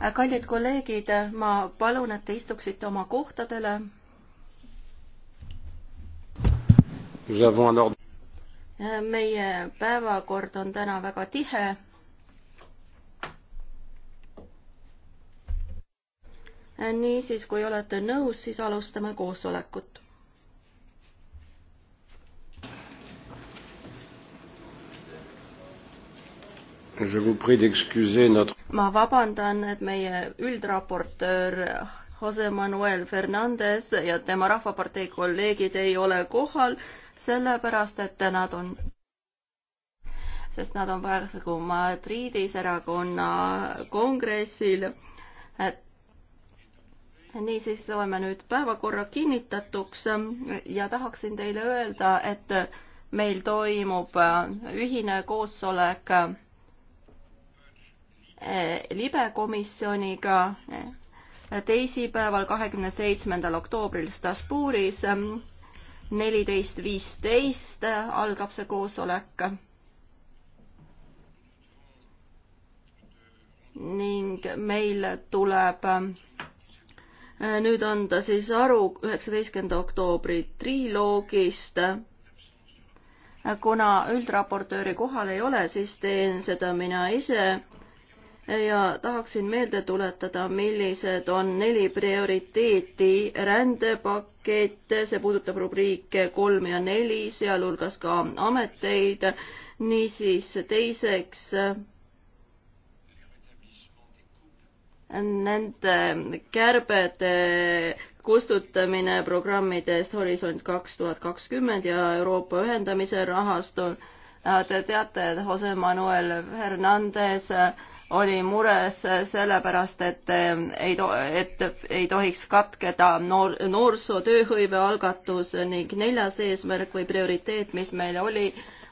Äh, kallid kolleegid, äh, ma palun, et te istuksite oma kohtadele. Äh, meie päevakord on täna väga tihe. niisiis, kui olete nõus, siis alustame koosolekut. Je vous prie d'excuser notre ma vabandan, et meie üldraportöör Jose Manuel Fernandez ja tema Rahvapartei kolleegid ei ole kohal, sellepärast et nad on, sest nad on praegu Madridis erakonna kongressil. niisiis loeme nüüd päevakorra kinnitatuks ja tahaksin teile öelda, et meil toimub ühine koosolek Eh, libekomisjoniga eh, teisipäeval, kahekümne seitsmendal oktoobril Strasbourgis. Eh, neliteist viisteist algab see koosolek. ning meil tuleb nüüd anda siis aru üheksateistkümnenda oktoobri triloogist kuna üldraportööri kohal ei ole, siis teen seda mina ise ja tahaksin meelde tuletada, millised on neli prioriteeti rändepakett, see puudutab rubriike kolm ja neli, sealhulgas ka ameteid, niisiis teiseks nende kärbede kustutamine programmidest Horisont kaks tuhat kakskümmend ja Euroopa ühendamise rahastu. Te teate, et Jose Manuel Fernandez äh, oli mures sellepärast, et ei to-, et ei tohiks katkeda noor, noorsootööhõive algatus ning neljas eesmärk või prioriteet, mis meil oli,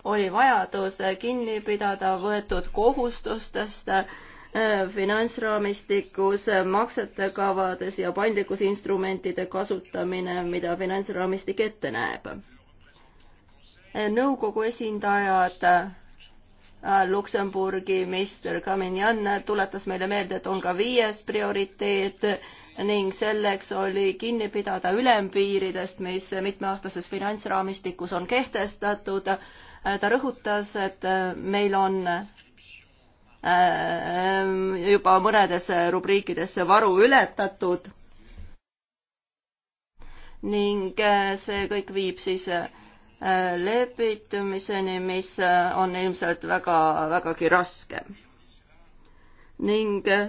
oli vajadus kinni pidada võetud kohustustest eh, finantsraamistikus, maksete kavades ja paindlikkusinstrumentide kasutamine, mida finantsraamistik ette näeb. Eh, nõukogu esindajad Äh, Luksemburgi meister Kaminjan tuletas meile meelde, et on ka viies prioriteet ning selleks oli kinni pidada ülempiiridest, mis mitmeaastases finantsraamistikus on kehtestatud. Äh, ta rõhutas, et äh, meil on juba mõnedes rubriikides see varu ületatud ning see kõik viib siis lepitumiseni, mis äh, on ilmselt väga, vägagi raske. ning äh,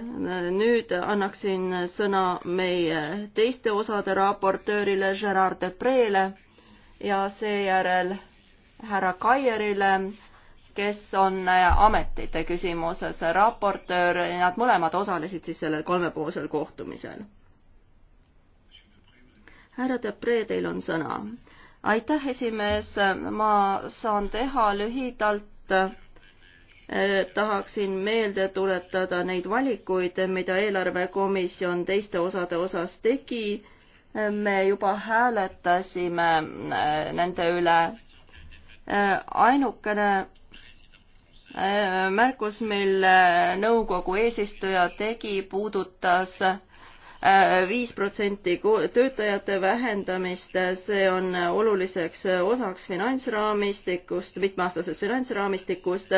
nüüd annaksin sõna meie teiste osade raportöörile Gerard Depreele ja seejärel härra Kaierile, kes on äh, ametite küsimuses raportöör, nad mõlemad osalesid siis sellel kolmepoolsel kohtumisel. härra Depre, teil on sõna aitäh, esimees, ma saan teha lühidalt. Eh, tahaksin meelde tuletada neid valikuid, mida eelarvekomisjon teiste osade osas tegi. Eh, me juba hääletasime eh, nende üle. ainukene märkus, mille nõukogu eesistuja tegi, puudutas viis protsenti töötajate vähendamist, see on oluliseks osaks finantsraamistikust, mitmeaastasest finantsraamistikust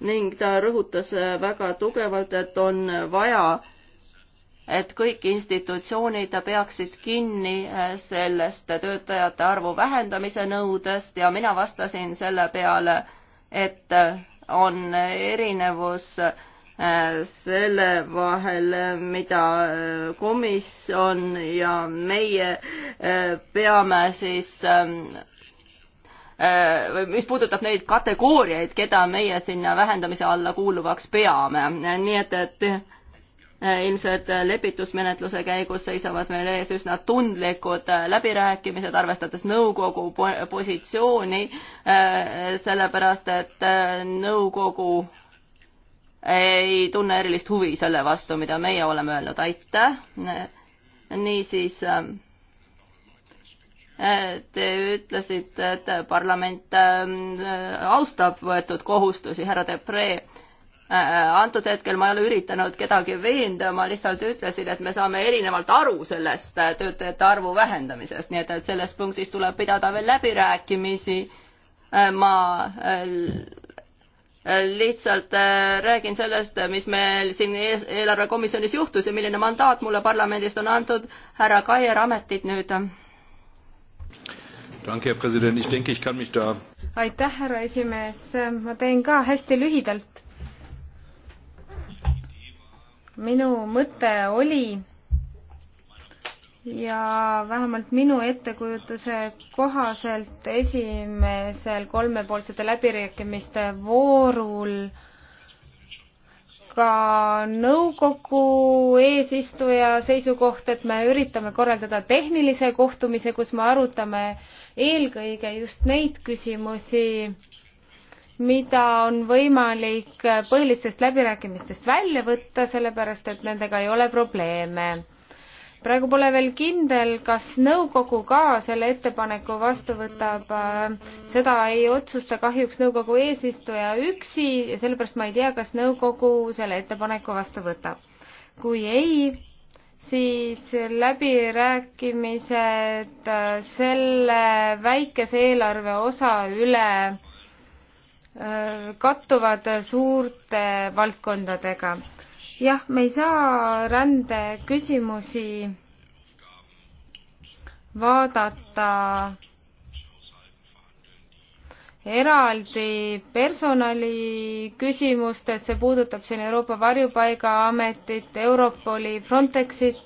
ning ta rõhutas väga tugevalt, et on vaja, et kõik institutsioonid peaksid kinni sellest töötajate arvu vähendamise nõudest ja mina vastasin selle peale, et on erinevus äh, Äh, selle vahel, äh, mida äh, komisjon ja meie peame siis ähm, või mis puudutab neid kategooriaid, keda meie sinna vähendamise alla kuuluvaks peame, nii et, et ilmselt lepitusmenetluse käigus seisavad meil ees üsna tundlikud läbirääkimised, arvestades nõukogu positsiooni, sellepärast et nõukogu ei tunne erilist huvi selle vastu, mida meie oleme öelnud, aitäh. niisiis Te ütlesite, et parlament äh, austab võetud kohustusi, härra Depree. Äh, antud hetkel ma ei ole üritanud kedagi veenda, ma lihtsalt ütlesin, et me saame erinevalt aru sellest äh, töötajate arvu vähendamisest, nii et, et selles punktis tuleb pidada veel läbirääkimisi. ma Äh, lihtsalt äh, räägin sellest, äh, mis meil siin eelarvekomisjonis juhtus ja milline mandaat mulle parlamendist on antud. härra Kaier, ametid nüüd. aitäh, härra esimees, ma teen ka hästi lühidalt. minu mõte oli ja vähemalt minu ettekujutuse kohaselt esimesel kolmepoolsete läbirääkimiste voorul ka nõukogu eesistuja seisukoht, et me üritame korraldada tehnilise kohtumise, kus me arutame eelkõige just neid küsimusi, mida on võimalik põhilistest läbirääkimistest välja võtta, sellepärast et nendega ei ole probleeme praegu pole veel kindel, kas nõukogu ka selle ettepaneku vastu võtab, seda ei otsusta kahjuks nõukogu eesistuja üksi ja sellepärast ma ei tea, kas nõukogu selle ettepaneku vastu võtab. kui ei, siis läbirääkimised selle väikese eelarve osa üle äh, kattuvad suurte valdkondadega jah, me ei saa rändeküsimusi vaadata eraldi personali küsimustes, see puudutab siin Euroopa Varjupaigaametit, Europoli, Frontexit,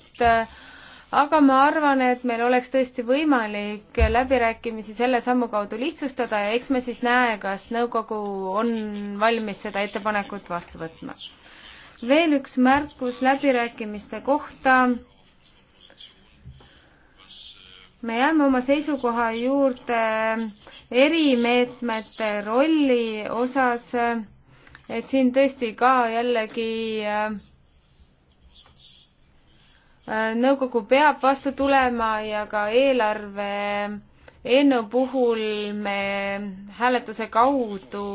aga ma arvan, et meil oleks tõesti võimalik läbirääkimisi selle sammu kaudu lihtsustada ja eks me siis näe, kas nõukogu on valmis seda ettepanekut vastu võtma veel üks märkus läbirääkimiste kohta. me jääme oma seisukoha juurde erimeetmete rolli osas, et siin tõesti ka jällegi äh, nõukogu peab vastu tulema ja ka eelarve eelnõu puhul me hääletuse kaudu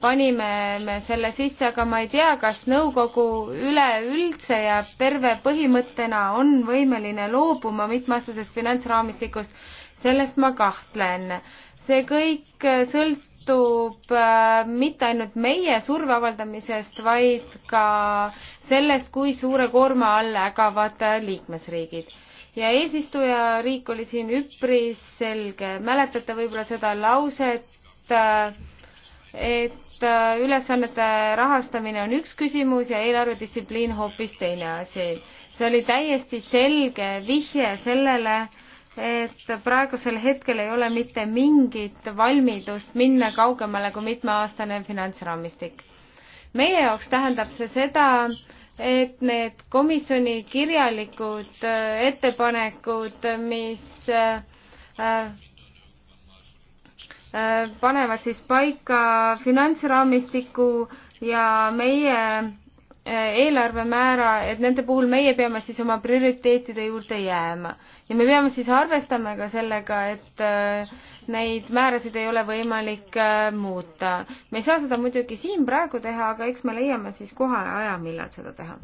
panime me selle sisse, aga ma ei tea, kas nõukogu üleüldse ja terve põhimõttena on võimeline loobuma mitmeaastasest finantsraamistikust, sellest ma kahtlen. see kõik sõltub äh, mitte ainult meie surve avaldamisest, vaid ka sellest, kui suure koorma all ägavad liikmesriigid ja eesistujariik oli siin üpris selge, mäletate võib-olla seda lauset äh, et äh, ülesannete rahastamine on üks küsimus ja eelarvedistsipliin hoopis teine asi. see oli täiesti selge vihje sellele, et praegusel hetkel ei ole mitte mingit valmidust minna kaugemale kui mitmeaastane finantsraamistik. meie jaoks tähendab see seda, et need komisjoni kirjalikud äh, ettepanekud, mis äh, Äh, panevad siis paika finantsraamistiku ja meie äh, eelarvemäära, et nende puhul meie peame siis oma prioriteetide juurde jääma. ja me peame siis arvestama ka sellega, et äh, neid määrasid ei ole võimalik muuta. me ei saa seda muidugi siin praegu teha, aga eks me leiame siis koha ja aja, millal seda teha.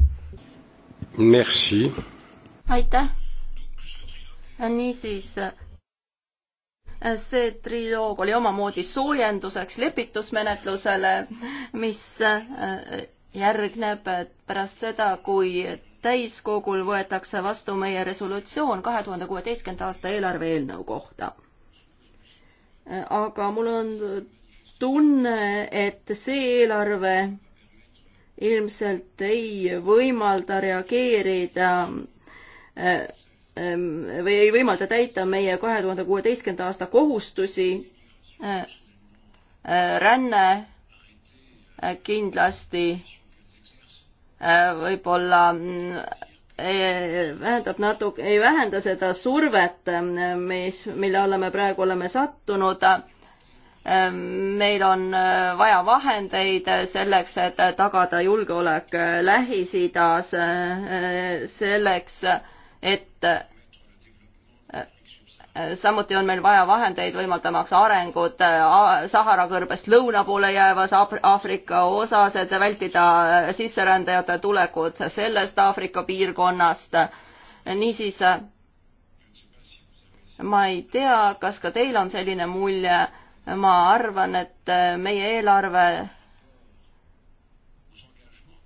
Merci. aitäh. niisiis see triloog oli omamoodi soojenduseks lepitusmenetlusele, mis äh, järgneb pärast seda, kui täiskogul võetakse vastu meie resolutsioon kahe tuhande kuueteistkümnenda aasta eelarve eelnõu kohta. Äh, aga mul on tunne, et see eelarve ilmselt ei võimalda reageerida äh, Ähm, või ei võimalda täita meie kahe tuhande kuueteistkümnenda aasta kohustusi. Äh, äh, ränne äh, kindlasti võib-olla mm, vähendab natuke, ei vähenda seda survet, mis, mille alla me praegu oleme sattunud. meil on vaja vahendeid selleks, et tagada julgeolek Lähis-Idas, selleks et äh, äh, samuti on meil vaja vahendeid võimaldamaks arengut äh, Sahara kõrbest lõuna poole jäävas Aafrika osas, et vältida sisserändajate tulekut sellest Aafrika piirkonnast. niisiis, ma ei tea, kas ka teil on selline mulje, ma arvan, et meie eelarve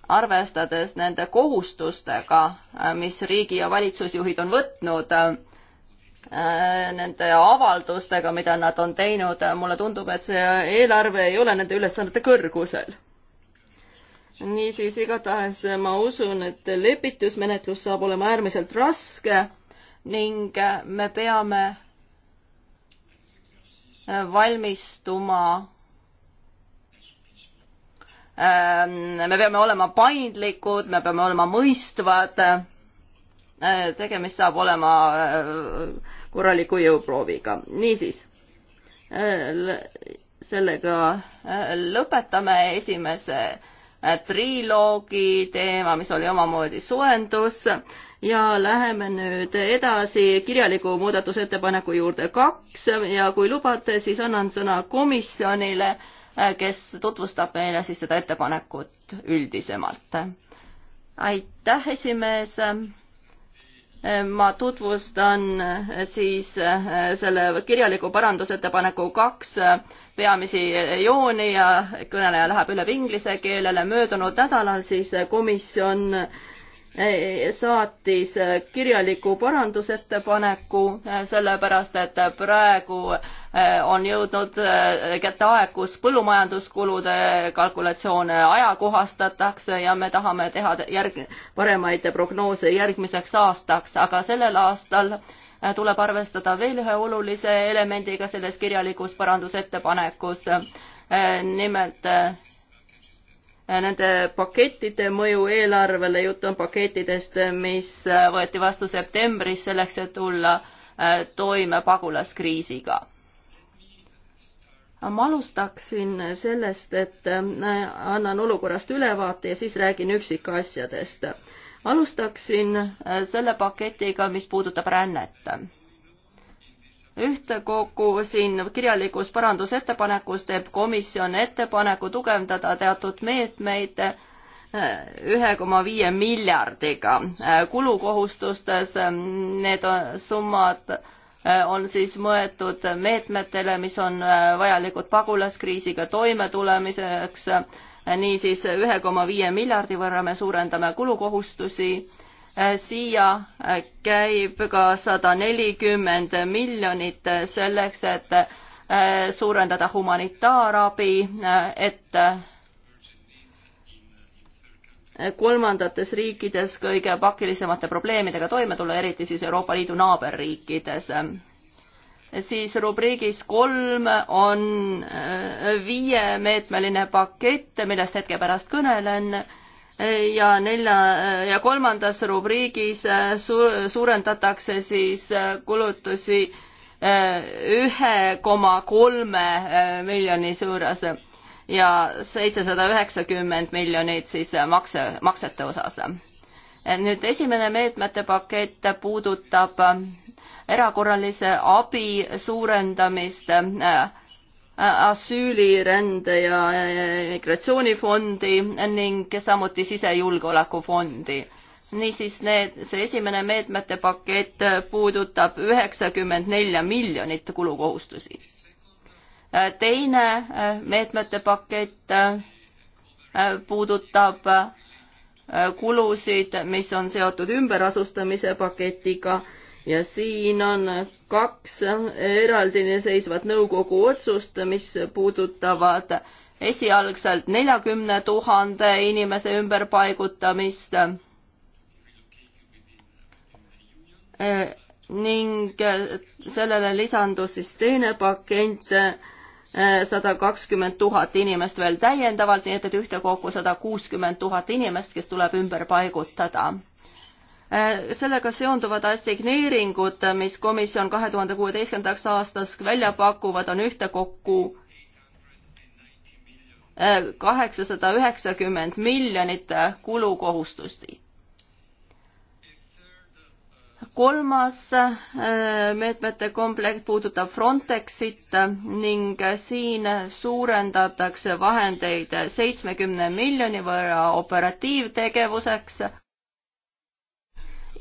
arvestades nende kohustustega, äh, mis riigi ja valitsusjuhid on võtnud, äh, nende avaldustega, mida nad on teinud, äh, mulle tundub, et see eelarve ei ole nende ülesannete kõrgusel. niisiis, igatahes ma usun, et lepitusmenetlus saab olema äärmiselt raske ning me peame valmistuma Ähm, me peame olema paindlikud, me peame olema mõistvad. Äh, tegemist saab olema äh, korraliku jõuprooviga. niisiis, äh, sellega lõpetame esimese triloogi teema, mis oli omamoodi soendus ja läheme nüüd edasi kirjaliku muudatusettepaneku juurde kaks ja kui lubate, siis annan sõna komisjonile Äh, kes tutvustab meile siis seda ettepanekut üldisemalt. aitäh, esimees. Äh, ma tutvustan äh, siis selle kirjaliku parandusettepaneku kaks peamisi jooni ja kõneleja läheb üle inglise keelele. möödunud nädalal siis komisjon saatis kirjaliku parandusettepaneku, sellepärast et praegu eh, on jõudnud eh, kätte aeg, kus põllumajanduskulude eh, kalkulatsioone ajakohastatakse ja me tahame teha järg-, paremaid prognoose järgmiseks aastaks, aga sellel aastal tuleb arvestada veel ühe olulise elemendiga selles kirjalikus parandusettepanekus. nimelt Äh, nende pakettide mõju eelarvele, jutt on pakettidest, äh, mis äh, võeti vastu septembris selleks, et tulla toime pagulaskriisiga. ma alustaksin sellest, et annan olukorrast ülevaate ja siis räägin üksikasjadest. alustaksin selle paketiga, mis puudutab rännet ühtekogu siin kirjalikus parandusettepanekus teeb komisjon ettepaneku tugevdada teatud meetmeid eh, ühe koma viie miljardiga. Eh, kulukohustustes eh, need summad on siis mõeldud meetmetele, mis on vajalikud pagulaskriisiga toimetulemiseks. niisiis ühe koma viie miljardi võrra me suurendame kulukohustusi Äh, siia äh, käib ka sada nelikümmend miljonit äh, selleks, et suurendada humanitaarabi, et kolmandates riikides kõige pakilisemate probleemidega toime tulla, eriti siis Euroopa Liidu naaberriikides siis rubriigis kolm on viiemeetmeline pakett, millest hetke pärast kõnelen ja nelja ja kolmandas rubriigis äh, su, suurendatakse siis äh, kulutusi äh, ühe koma kolme miljoni suurus ja seitsesada üheksakümmend miljonit siis makse, maksete osas. nüüd esimene meetmete pakett puudutab erakorralise abi suurendamist äh, Äh, asüülirände ja migratsioonifondi ning samuti sisejulgeolekufondi. niisiis need, see esimene meetmete pakett puudutab üheksakümmend nelja miljonit kulukohustusi. Äh, teine äh, meetmete pakett puudutab kulusid, mis on seotud ümberasustamise paketiga ja siin on kaks eraldiseisvat nõukogu otsust, mis puudutavad esialgselt neljakümne tuhande inimese ümberpaigutamist ning sellele lisandus siis teine pakett, sada kakskümmend tuhat inimest veel täiendavalt, nii et, et ühtekokku sada kuuskümmend tuhat inimest, kes tuleb ümber paigutada Äh, sellega seonduvad assigneeringud, mis komisjon kahe tuhande kuueteistkümnendaks aastaks välja pakuvad, on ühtekokku äh, kaheksasada üheksakümmend miljonit äh, kulukohustusi. kolmas meetmete komplekt puudutab Frontexit ning siin suurendatakse vahendeid seitsmekümne miljoni võrra operatiivtegevuseks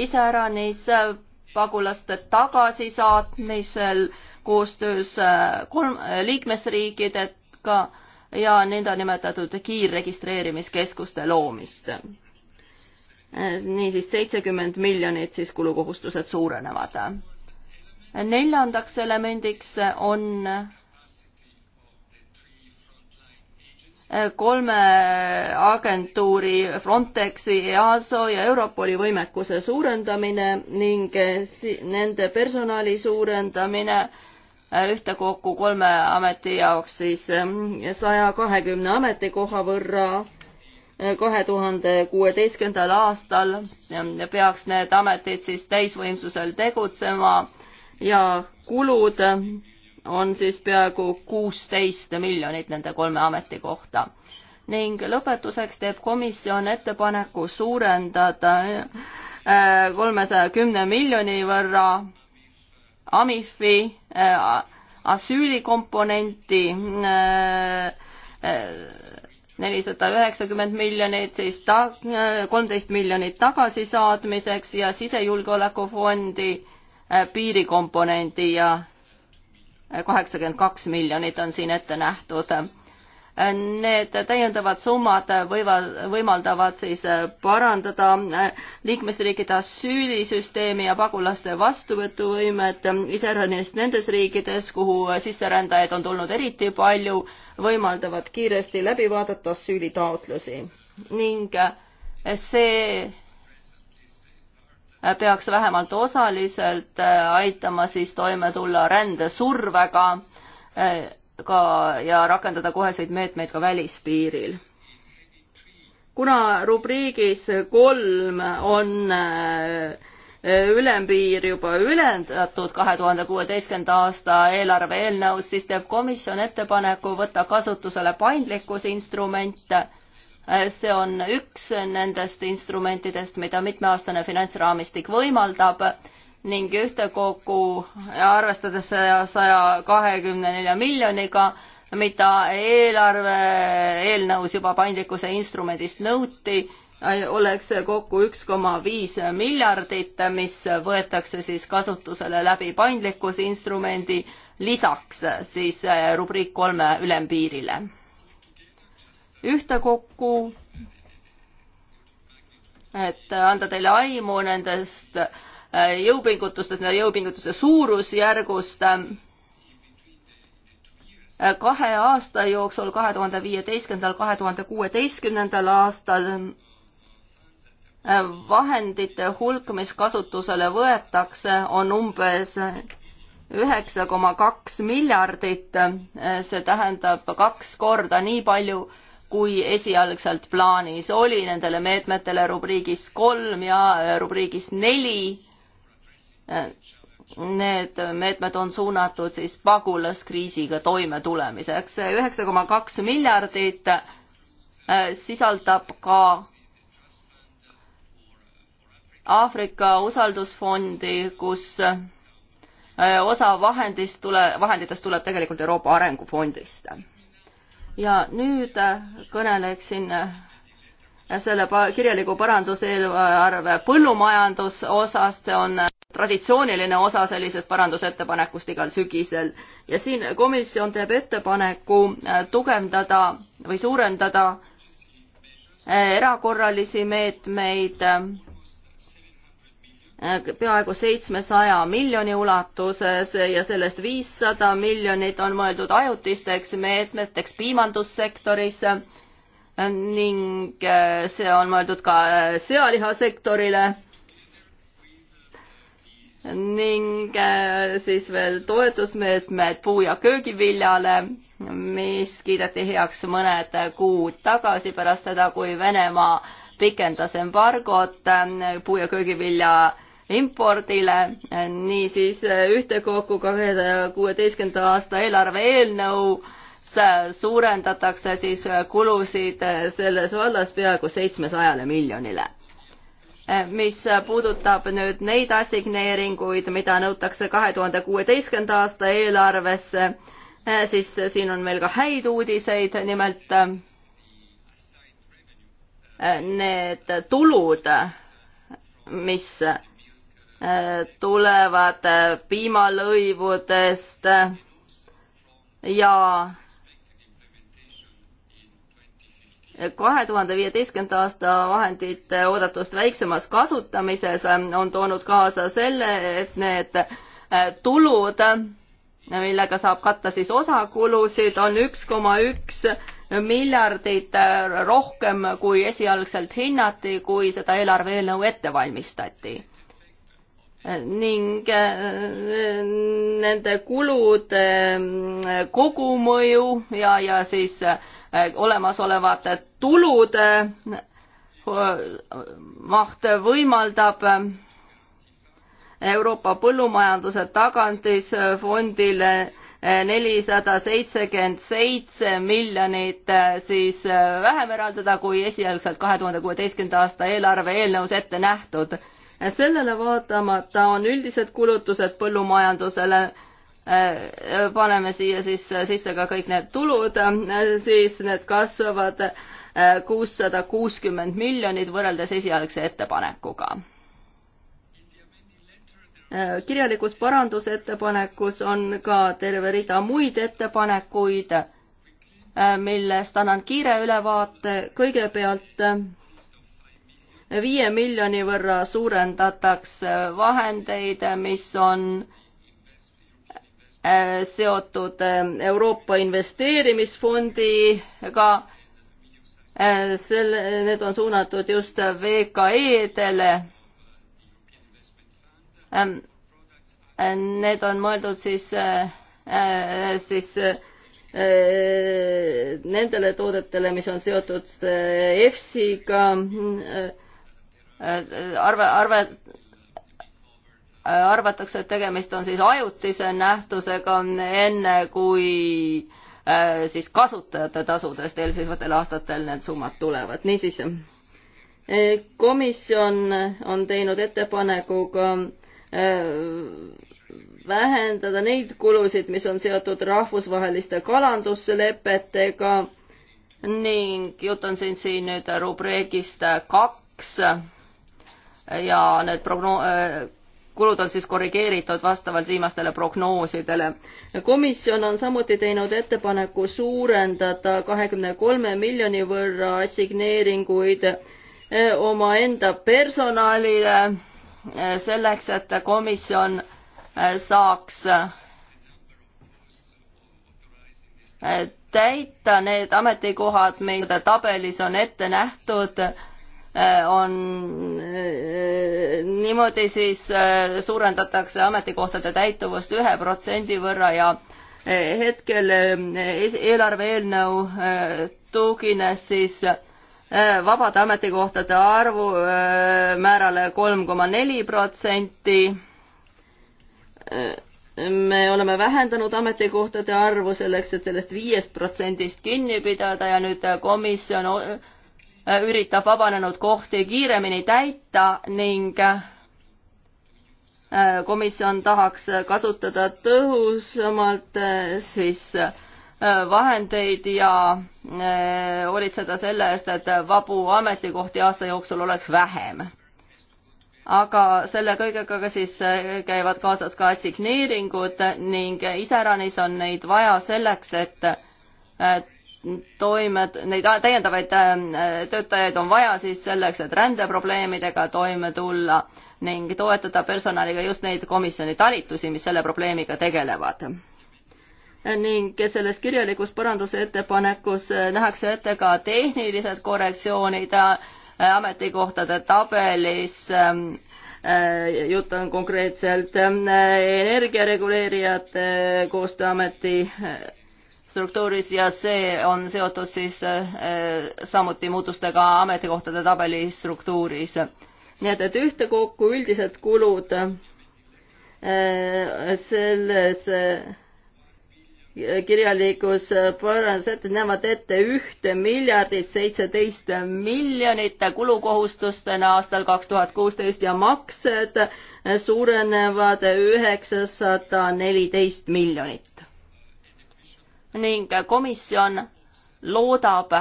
iseäranis äh, pagulaste tagasisaatmisel koostöös äh, kolm äh, liikmesriikidega ja nõndanimetatud kiirregistreerimiskeskuste loomist. niisiis seitsekümmend miljonit siis kulukohustused suurenevad. neljandaks elemendiks on kolme agentuuri Frontexi, EASO ja Europoli võimekuse suurendamine ning nende personali suurendamine äh, ühtekokku kolme ameti jaoks siis äh, saja kahekümne ametikoha võrra äh, kahe tuhande kuueteistkümnendal aastal peaks need ametid siis täisvõimsusel tegutsema ja kulud on siis peaaegu kuusteist miljonit nende kolme ameti kohta. ning lõpetuseks teeb komisjon ettepaneku suurendada äh, kolmesaja kümne miljoni võrra AMIF-i äh, asüülikomponenti äh, nelisada üheksakümmend miljonit, siis ta-, kolmteist miljonit tagasisaatmiseks ja sisejulgeolekufondi piirikomponendi ja kaheksakümmend kaks miljonit on siin ette nähtud. Need täiendavad summad võivad, võimaldavad siis parandada liikmesriikide asüülisüsteemi ja pagulaste vastuvõtuvõimet, iseäranis nendes riikides, kuhu sisserändajaid on tulnud eriti palju, võimaldavad kiiresti läbi vaadata asüülitaotlusi ning see peaks vähemalt osaliselt äh, aitama siis toime tulla rändesurvega äh, ka ja rakendada koheseid meetmeid ka välispiiril. kuna rubriigis kolm on äh, ülempiir juba ületatud kahe tuhande kuueteistkümnenda aasta eelarve eelnõus, siis teeb komisjon ettepaneku võtta kasutusele paindlikkusinstrument see on üks nendest instrumentidest, mida mitmeaastane finantsraamistik võimaldab ning ühtekokku arvestades saja kahekümne nelja miljoniga, mida eelarve eelnõus juba paindlikkuse instrumendist nõuti, oleks kokku üks koma viis miljardit, mis võetakse siis kasutusele läbi paindlikkuse instrumendi lisaks siis rubriik kolme ülempiirile ühtekokku, et anda teile aimu nendest äh, jõupingutustest, nende jõupingutuste suurusjärgust äh, kahe aasta jooksul, kahe tuhande viieteistkümnendal, kahe tuhande kuueteistkümnendal aastal äh, vahendite hulk, mis kasutusele võetakse, on umbes üheksa koma kaks miljardit, see tähendab kaks korda nii palju, kui esialgselt plaanis oli nendele meetmetele rubriigis kolm ja äh, rubriigis neli. Äh, need meetmed on suunatud siis pagulaskriisiga toimetulemiseks. üheksa koma kaks miljardit äh, sisaldab ka Aafrika usaldusfondi, kus osa vahendist tule, vahenditest tuleb tegelikult Euroopa Arengufondist ja nüüd äh, kõneleksin äh, selle kirjaliku paranduseelarve põllumajandusosast, see on äh, traditsiooniline osa sellisest parandusettepanekust igal sügisel ja siin komisjon teeb ettepaneku tugevdada või suurendada erakorralisi meetmeid Äh, peaaegu seitsmesaja miljoni ulatuses ja sellest viissada miljonit on mõeldud ajutisteks meetmeteks piimandussektoris äh, ning äh, see on mõeldud ka sealihasektorile ning siis veel toetusmeetmed puu- ja köögiviljale, mis kiideti heaks mõned kuud tagasi pärast seda, kui Venemaa pikendas embargot puu- ja köögivilja impordile. niisiis eh, ühtekokku kahe tuhande kuueteistkümnenda aasta eelarve eelnõu suurendatakse siis eh, kulusid eh, selles vallas peaaegu seitsmesajale miljonile mis puudutab nüüd neid assigneeringuid, mida nõutakse kahe tuhande kuueteistkümnenda aasta eelarvesse, siis siin on meil ka häid uudiseid, nimelt need tulud, mis tulevad piimalõivudest ja kahe tuhande viieteistkümnenda aasta vahendite oodatust väiksemas kasutamises on toonud kaasa selle, et need tulud, millega saab katta siis osakulusid, on üks koma üks miljardit rohkem, kui esialgselt hinnati, kui seda eelarve eelnõu ette valmistati ning äh, nende kulude mm, kogumõju ja, ja siis äh, olemasolevate tulude äh, maht võimaldab Euroopa Põllumajanduse tagatisfondile nelisada seitsekümmend seitse miljonit siis vähem eraldada, kui esialgselt kahe tuhande kuueteistkümnenda aasta eelarve eelnõus ette nähtud sellele vaatamata on üldised kulutused põllumajandusele eh, paneme siia siis sisse ka kõik need tulud, eh, siis need kasvavad eh, kuussada kuuskümmend miljonit võrreldes esialgse ettepanekuga. kirjalikus parandusettepanekus on ka terve rida muid ettepanekuid, millest annan kiire ülevaate. kõigepealt viie miljoni võrra suurendatakse vahendeid, mis on äh, seotud äh, Euroopa Investeerimisfondiga. Äh, selle, need on suunatud just VKE-dele. Ähm, need on mõeldud siis, siis nendele toodetele, mis on seotud EFSI-ga arve, arve, arvatakse, et tegemist on siis ajutise nähtusega, enne kui äh, siis kasutajate tasudest eelseisvatel aastatel need summad tulevad. niisiis, äh, komisjon on teinud ettepaneku ka äh, vähendada neid kulusid, mis on seotud rahvusvaheliste kalanduslepetega ning jutt on siin, siin nüüd rubriigist kaks ja need prognoos, kulud on siis korrigeeritud vastavalt viimastele prognoosidele. komisjon on samuti teinud ettepaneku suurendada kahekümne kolme miljoni võrra assigneeringuid eh, omaenda personalile eh, selleks, et komisjon eh, saaks täita need ametikohad, mida tabelis on ette nähtud Äh, on äh, niimoodi siis äh, suurendatakse ametikohtade täituvust ühe protsendi võrra ja hetkel eelarve eelnõu tugines siis vabade ametikohtade arvu määrale kolm koma neli protsenti. me oleme vähendanud ametikohtade arvu selleks, et sellest viiest protsendist kinni pidada ja nüüd komisjon Äh, üritab vabanenud kohti kiiremini täita ning äh, komisjon tahaks kasutada tõhusamalt äh, siis vahendeid ja hoolitseda selle eest, et vabu ametikohti aasta jooksul oleks vähem. aga selle kõigega ka siis käivad kaasas ka assigneeringud ning iseäranis on neid vaja selleks, et toimed, neid täiendavaid äh, töötajaid on vaja siis selleks, et rändeprobleemidega toime tulla ning toetada personaliga just neid komisjoni talitusi, mis selle probleemiga tegelevad. ning selles kirjalikus paranduse ettepanekus äh, nähakse ette ka tehnilised korrektsioonid äh, ametikohtade tabelis ähm, jutt on konkreetselt energiareguleerijate koostööameti struktuuris ja see on seotud siis äh, samuti muutustega ametikohtade tabeli struktuuris. nii et, et ühtekokku üldised kulud äh, selles äh, kirjalikus parandusettes näevad ette ühte miljardit seitseteist miljonit kulukohustustena aastal kaks tuhat kuusteist ja maksed suurenevad üheksasada neliteist miljonit ning komisjon loodab,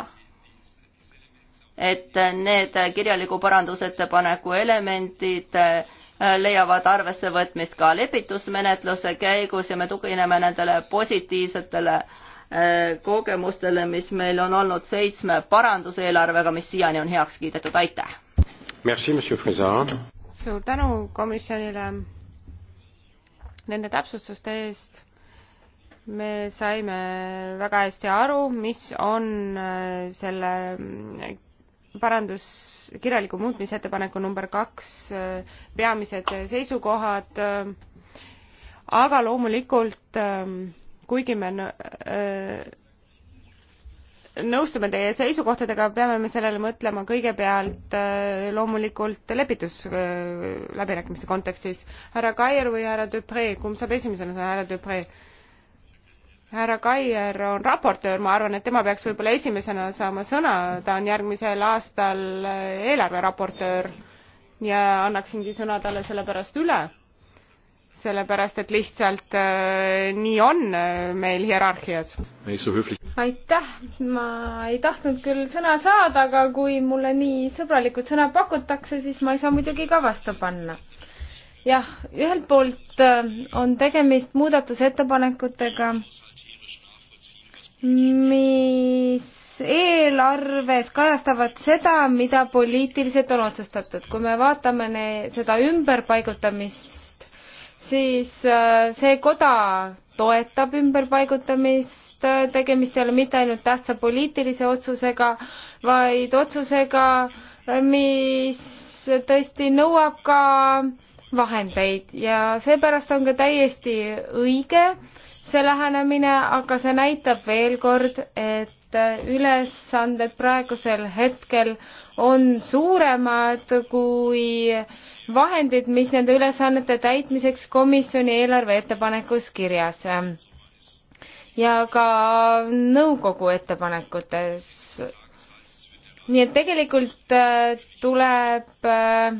et need kirjaliku parandusettepaneku elemendid äh, leiavad arvessevõtmist ka lepitusmenetluse käigus ja me tugineme nendele positiivsetele äh, kogemustele, mis meil on olnud seitsme paranduseelarvega, mis siiani on heaks kiidetud, aitäh! suur tänu komisjonile nende täpsustuste eest me saime väga hästi aru, mis on äh, selle äh, parandus, kirjaliku muutmise ettepaneku number kaks äh, peamised seisukohad, aga loomulikult kuigi me nõustume teie seisukohtadega, peame me sellele mõtlema kõigepealt loomulikult lepitusläbirääkimiste kontekstis. härra Kaier või härra Dupre, kumb saab esimesena sõna, härra Dupre? härra Kaier on raportöör, ma arvan, et tema peaks võib-olla esimesena saama sõna, ta on järgmisel aastal eelarveraportöör ja annaksingi sõna talle sellepärast üle. sellepärast, et lihtsalt äh, nii on äh, meil hierarhias. aitäh, ma ei tahtnud küll sõna saada, aga kui mulle nii sõbralikud sõnad pakutakse, siis ma ei saa muidugi ka vastu panna jah, ühelt poolt äh, on tegemist muudatusettepanekutega, mis eelarves kajastavad seda, mida poliitiliselt on otsustatud. kui me vaatame ne, seda ümberpaigutamist, siis äh, see koda toetab ümberpaigutamist, tegemist ei ole mitte ainult tähtsa poliitilise otsusega, vaid otsusega, mis tõesti nõuab ka vahendeid ja seepärast on ka täiesti õige see lähenemine, aga see näitab veel kord, et ülesanded praegusel hetkel on suuremad kui vahendid, mis nende ülesannete täitmiseks komisjoni eelarve ettepanekus kirjas ja ka nõukogu ettepanekutes. nii et tegelikult äh, tuleb äh,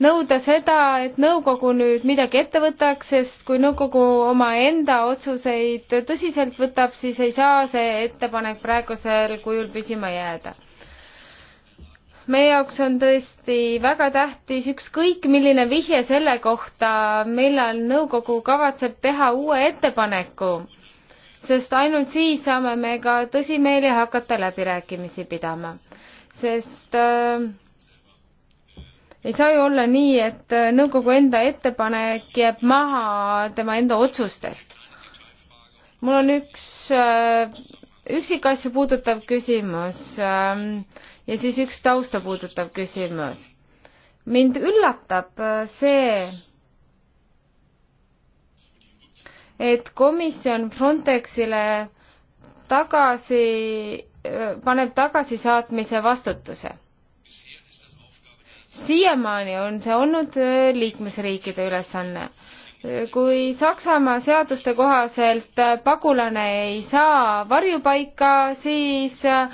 nõuda seda, et nõukogu nüüd midagi ette võtaks, sest kui nõukogu omaenda otsuseid tõsiselt võtab, siis ei saa see ettepanek praegusel kujul püsima jääda. meie jaoks on tõesti väga tähtis ükskõik milline vihje selle kohta, millal nõukogu kavatseb teha uue ettepaneku sest ainult siis saame me ka tõsimeeli hakata läbirääkimisi pidama. sest äh, ei saa ju olla nii, et äh, nõukogu enda ettepanek jääb maha tema enda otsustest. mul on üks äh, üksikasju puudutav küsimus ähm, ja siis üks tausta puudutav küsimus. mind üllatab äh, see, et komisjon Frontexile tagasi, paneb tagasisaatmise vastutuse siiamaani on see olnud äh, liikmesriikide ülesanne. kui Saksamaa seaduste kohaselt äh, pagulane ei saa varjupaika, siis äh,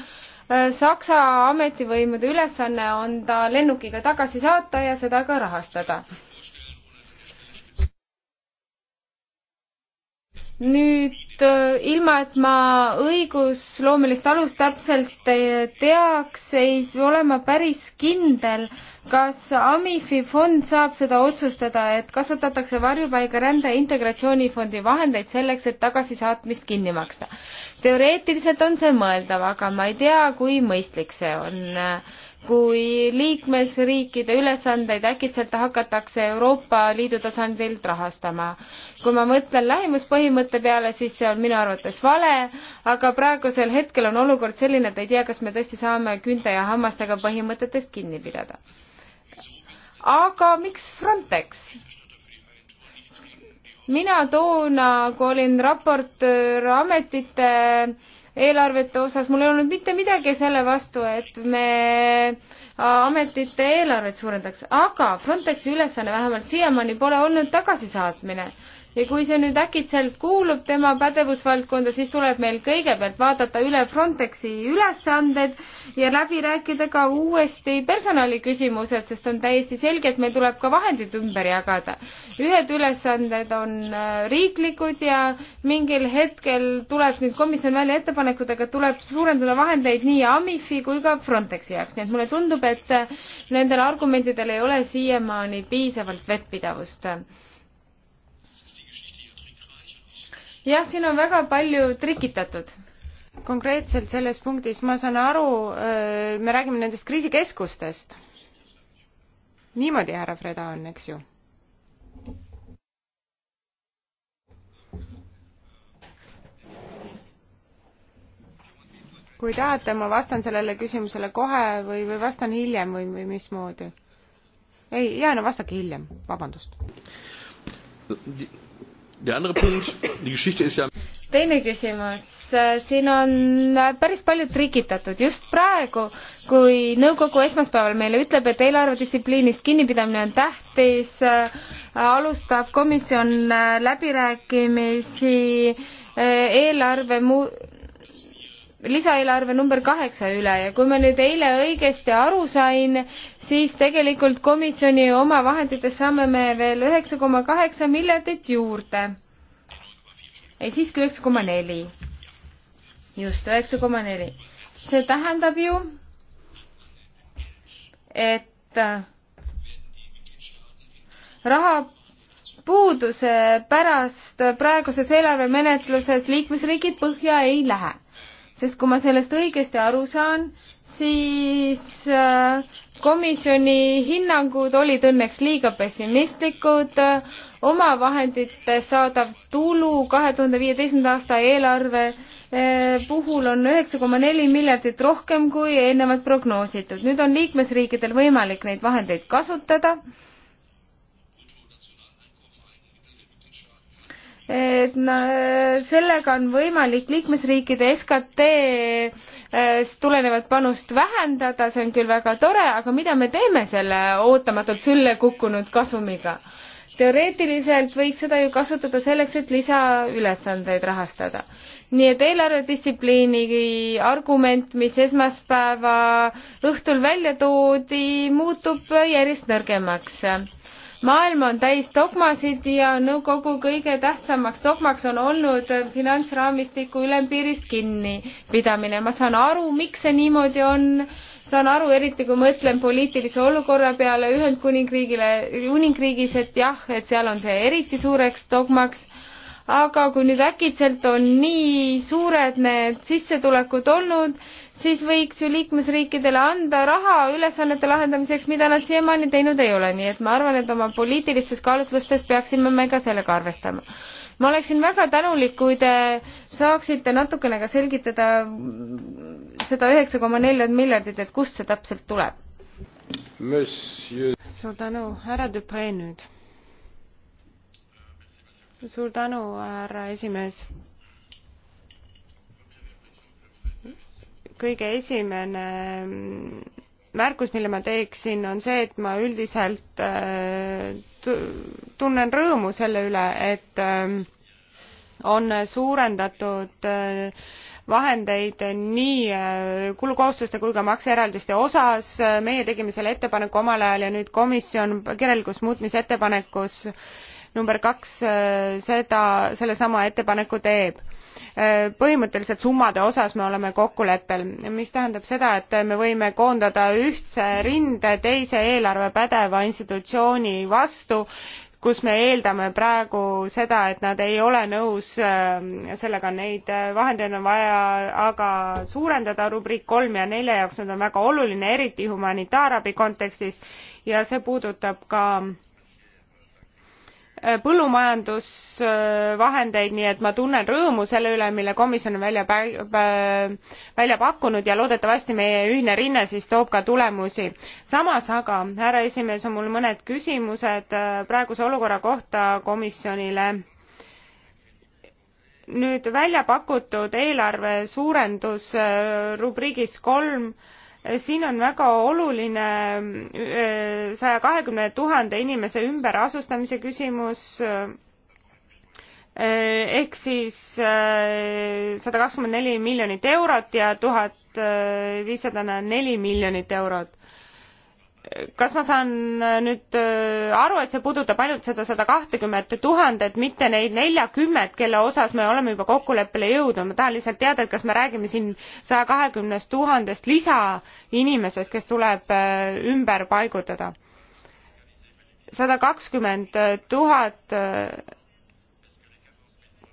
Saksa ametivõimude ülesanne on ta lennukiga tagasi saata ja seda ka rahastada nüüd äh, ilma, et ma õigusloomilist alust täpselt äh, teaks, ei ole ma päris kindel, kas Amifi fond saab seda otsustada, et kasutatakse varjupaiga rände integratsioonifondi vahendeid selleks, et tagasisaatmist kinni maksta. teoreetiliselt on see mõeldav, aga ma ei tea, kui mõistlik see on kui liikmesriikide ülesandeid äkitselt hakatakse Euroopa Liidu tasandilt rahastama. kui ma mõtlen lähimuspõhimõtte peale, siis see on minu arvates vale, aga praegusel hetkel on olukord selline, et ei tea, kas me tõesti saame künde ja hammastega põhimõtetest kinni pidada. aga miks Frontex? mina toona, kui olin raportöör ametite eelarvete osas, mul ei olnud mitte midagi selle vastu, et me äh, ametite eelarvet suurendaks, aga Frontexi ülesanne vähemalt siiamaani pole olnud tagasisaatmine ja kui see nüüd äkitselt kuulub tema pädevusvaldkonda, siis tuleb meil kõigepealt vaadata üle Frontexi ülesanded ja läbi rääkida ka uuesti personaliküsimused, sest on täiesti selge, et meil tuleb ka vahendid ümber jagada. ühed ülesanded on äh, riiklikud ja mingil hetkel tuleb nüüd komisjon välja ettepanekutega, tuleb suurendada vahendeid nii Amifi kui ka Frontexi jaoks, nii et mulle tundub, et äh, nendel argumentidel ei ole siiamaani piisavalt vettpidavust jah, siin on väga palju trikitatud konkreetselt selles punktis ma saan aru äh, me räägime nendest kriisikeskustest niimoodi härra freda on eks ju kui tahate ma vastan sellele küsimusele kohe või või vastan hiljem või või mismoodi ei jaa no vastake hiljem vabandust teine küsimus, siin on päris palju trikitatud. just praegu, kui nõukogu esmaspäeval meile ütleb, et eelarvedistsipliinist kinnipidamine on tähtis, alustab komisjon läbirääkimisi eelarve muu-, lisaeelarve number kaheksa üle ja kui ma nüüd eile õigesti aru sain, siis tegelikult komisjoni oma vahenditest saame me veel üheksa koma kaheksa miljardit juurde. ei, siiski üheksa koma neli. just, üheksa koma neli. see tähendab ju, et äh, raha puuduse pärast praeguses eelarvemenetluses liikmesriigid põhja ei lähe sest kui ma sellest õigesti aru saan, siis äh, komisjoni hinnangud olid õnneks liiga pessimistlikud, omavahendite saadav tulu kahe tuhande viieteistkümnenda aasta eelarve äh, puhul on üheksa koma neli miljardit rohkem kui eelnevalt prognoositud. nüüd on liikmesriikidel võimalik neid vahendeid kasutada et na, sellega on võimalik liikmesriikide SKT-st äh, tulenevat panust vähendada, see on küll väga tore, aga mida me teeme selle ootamatult sülle kukkunud kasumiga? teoreetiliselt võiks seda ju kasutada selleks, et lisaülesandeid rahastada. nii et eelarvedistsipliini argument, mis esmaspäeva õhtul välja toodi, muutub järjest nõrgemaks maailm on täis dogmasid ja nõukogu kõige tähtsamaks dogmaks on olnud finantsraamistiku ülempiirist kinnipidamine. ma saan aru, miks see niimoodi on, saan aru, eriti kui mõtlen poliitilise olukorra peale Ühendkuningriigile, Kuningriigis, et jah, et seal on see eriti suureks dogmaks aga kui nüüd äkitselt on nii suured need sissetulekud olnud, siis võiks ju liikmesriikidele anda raha ülesannete lahendamiseks, mida nad siiamaani teinud ei ole, nii et ma arvan, et oma poliitilistes kaalutlustes peaksime me ka sellega arvestama. ma oleksin väga tänulik, kui te saaksite natukene ka selgitada seda üheksa koma neljat miljardit, et kust see täpselt tuleb Monsieur.... suur tänu, härra Dupre nüüd. suur tänu, härra esimees kõige esimene mm, märkus, mille ma teeksin, on see, et ma üldiselt äh, tunnen rõõmu selle üle, et äh, on suurendatud äh, vahendeid nii kulukohustuste kui ka makseeraldiste osas. meie tegime selle ettepaneku omal ajal ja nüüd komisjon kirjalikus muutmise ettepanekus number kaks seda, sellesama ettepaneku teeb Äh, põhimõtteliselt summade osas me oleme kokkuleppel mis tähendab seda et me võime koondada ühtse rinde teise eelarvepädeva institutsiooni vastu kus me eeldame praegu seda et nad ei ole nõus äh, sellega neid äh, vahendeid on vaja aga suurendada rubriik kolm ja nelja jaoks need on väga oluline eriti humanitaarabi kontekstis ja see puudutab ka põllumajandusvahendeid, nii et ma tunnen rõõmu selle üle, mille komisjon on välja, välja pakkunud ja loodetavasti meie ühine rinne siis toob ka tulemusi. samas aga, härra esimees, on mul mõned küsimused äh, praeguse olukorra kohta komisjonile nüüd välja pakutud eelarve suurendus äh, rubriigis kolm 3 siin on väga oluline äh, saja kahekümne tuhande inimese ümberasustamise küsimus äh, ehk siis äh, sada kakskümmend neli miljonit eurot ja tuhat viissada neli miljonit eurot kas ma saan äh, nüüd äh, aru, et see puudutab ainult seda sada kahtekümmet tuhandet, mitte neid neljakümmet, kelle osas me oleme juba kokkuleppele jõudnud, ma tahan lihtsalt teada, et kas me räägime siin saja kahekümnest tuhandest lisainimesest, kes tuleb äh, ümber paigutada? sada kakskümmend tuhat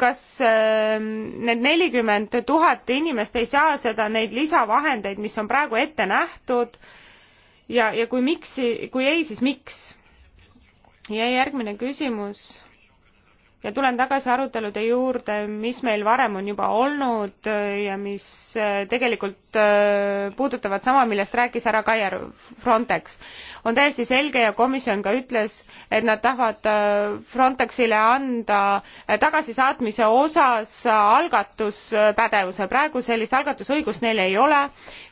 kas need nelikümmend tuhat inimest ei saa seda, neid lisavahendeid, mis on praegu ette nähtud äh, ja, ja kui miks, kui ei, siis miks? ja järgmine küsimus ja tulen tagasi arutelude juurde, mis meil varem on juba olnud äh, ja mis äh, tegelikult äh, puudutavad sama, millest rääkis härra Kaier, Frontex. on täiesti selge ja komisjon ka ütles, et nad tahavad Frontexile anda tagasisaatmise osas algatuspädevuse. praegu sellist algatusõigust neil ei ole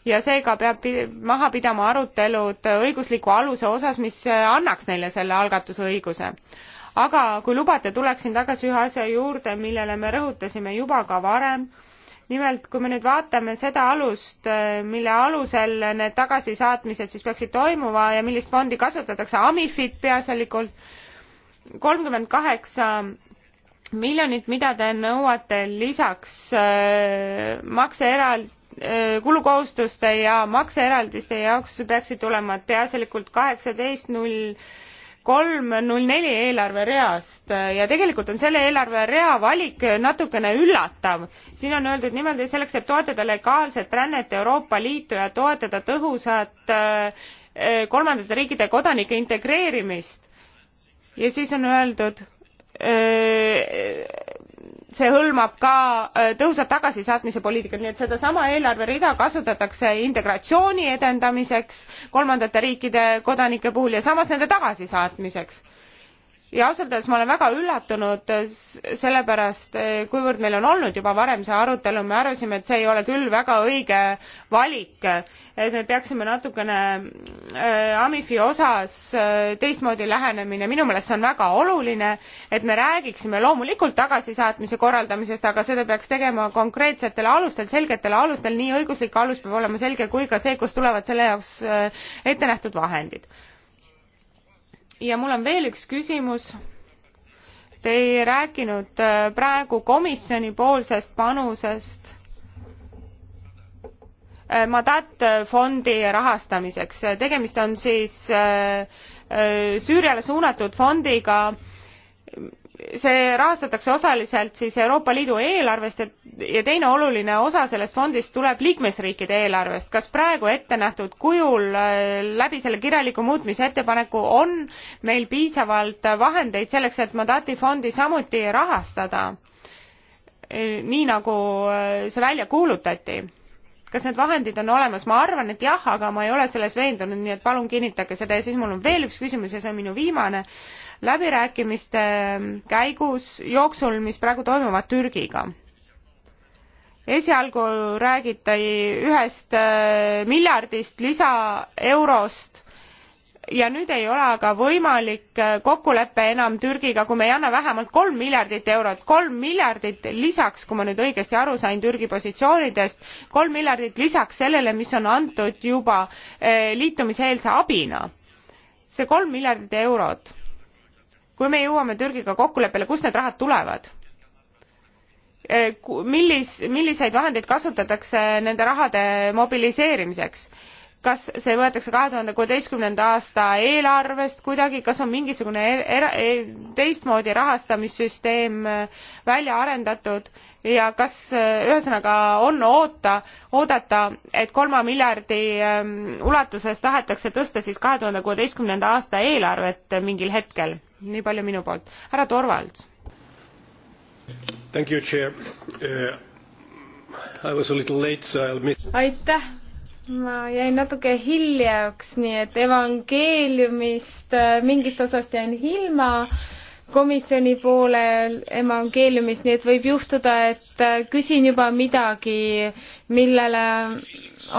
ja seega peab maha pidama arutelud õigusliku aluse osas, mis annaks neile selle algatusõiguse aga kui lubate, tuleksin tagasi ühe asja juurde, millele me rõhutasime juba ka varem. nimelt, kui me nüüd vaatame seda alust, mille alusel need tagasisaatmised siis peaksid toimuma ja millist fondi kasutatakse, Amifit peaasjalikult, kolmkümmend kaheksa miljonit, mida te nõuate lisaks äh, makseerald-, äh, kulukohustuste ja makseeraldiste jaoks peaksid tulema peaasjalikult kaheksateist null kolm null neli eelarvereast ja tegelikult on selle eelarverea valik natukene üllatav. siin on öeldud nimelt selleks, et toetada legaalset rännet Euroopa Liitu ja toetada tõhusat eh, kolmandate riikide kodanike integreerimist. ja siis on öeldud öö, eh, see hõlmab ka äh, tõhusat tagasisaatmise poliitikat nii et sedasama eelarverida kasutatakse integratsiooni edendamiseks kolmandate riikide kodanike puhul ja samas nende tagasisaatmiseks ja ausalt öeldes ma olen väga üllatunud eh, sellepärast, eh, kuivõrd meil on olnud juba varem see arutelu, me arvasime, et see ei ole küll väga õige valik, eh, et me peaksime natukene äh, Amifi osas äh, teistmoodi lähenemine, minu meelest see on väga oluline, et me räägiksime loomulikult tagasisaatmise korraldamisest, aga seda peaks tegema konkreetsetel alustel, selgetel alustel, nii õiguslik alus peab olema selge kui ka see, kust tulevad selle jaoks äh, ette nähtud vahendid ja mul on veel üks küsimus. Te ei rääkinud äh, praegu komisjonipoolsest panusest äh, Madat fondi rahastamiseks. tegemist on siis äh, Süüriale suunatud fondiga, see rahastatakse osaliselt siis Euroopa Liidu eelarvest ja teine oluline osa sellest fondist tuleb liikmesriikide eelarvest. kas praegu ette nähtud kujul äh, läbi selle kirjaliku muutmise ettepaneku on meil piisavalt vahendeid selleks, et mandaati fondi samuti rahastada, äh, nii nagu äh, see välja kuulutati? kas need vahendid on olemas, ma arvan, et jah, aga ma ei ole selles veendunud, nii et palun kinnitage seda ja siis mul on veel üks küsimus ja see on minu viimane läbirääkimiste käigus jooksul, mis praegu toimuvad Türgiga. esialgu räägiti ühest äh, miljardist lisaeurost ja nüüd ei ole aga võimalik äh, kokkulepe enam Türgiga, kui me ei anna vähemalt kolm miljardit eurot, kolm miljardit lisaks, kui ma nüüd õigesti aru sain Türgi positsioonidest, kolm miljardit lisaks sellele, mis on antud juba äh, liitumiseelse abina. see kolm miljardit eurot kui me jõuame Türgiga kokkuleppele, kust need rahad tulevad? E, millis, milliseid vahendeid kasutatakse nende rahade mobiliseerimiseks? kas see võetakse kahe tuhande kuueteistkümnenda aasta eelarvest kuidagi, kas on mingisugune er er teistmoodi rahastamissüsteem eh, välja arendatud ja kas eh, ühesõnaga on oota, oodata, et kolme miljardi ulatuses tahetakse tõsta siis kahe tuhande kuueteistkümnenda aasta eelarvet mingil hetkel? nii palju minu poolt. härra Torvalds. aitäh ma jäin natuke hiljaks, nii et evangeeliumist äh, mingist osast jäin ilma komisjoni poole evangeeliumist, nii et võib juhtuda, et äh, küsin juba midagi, millele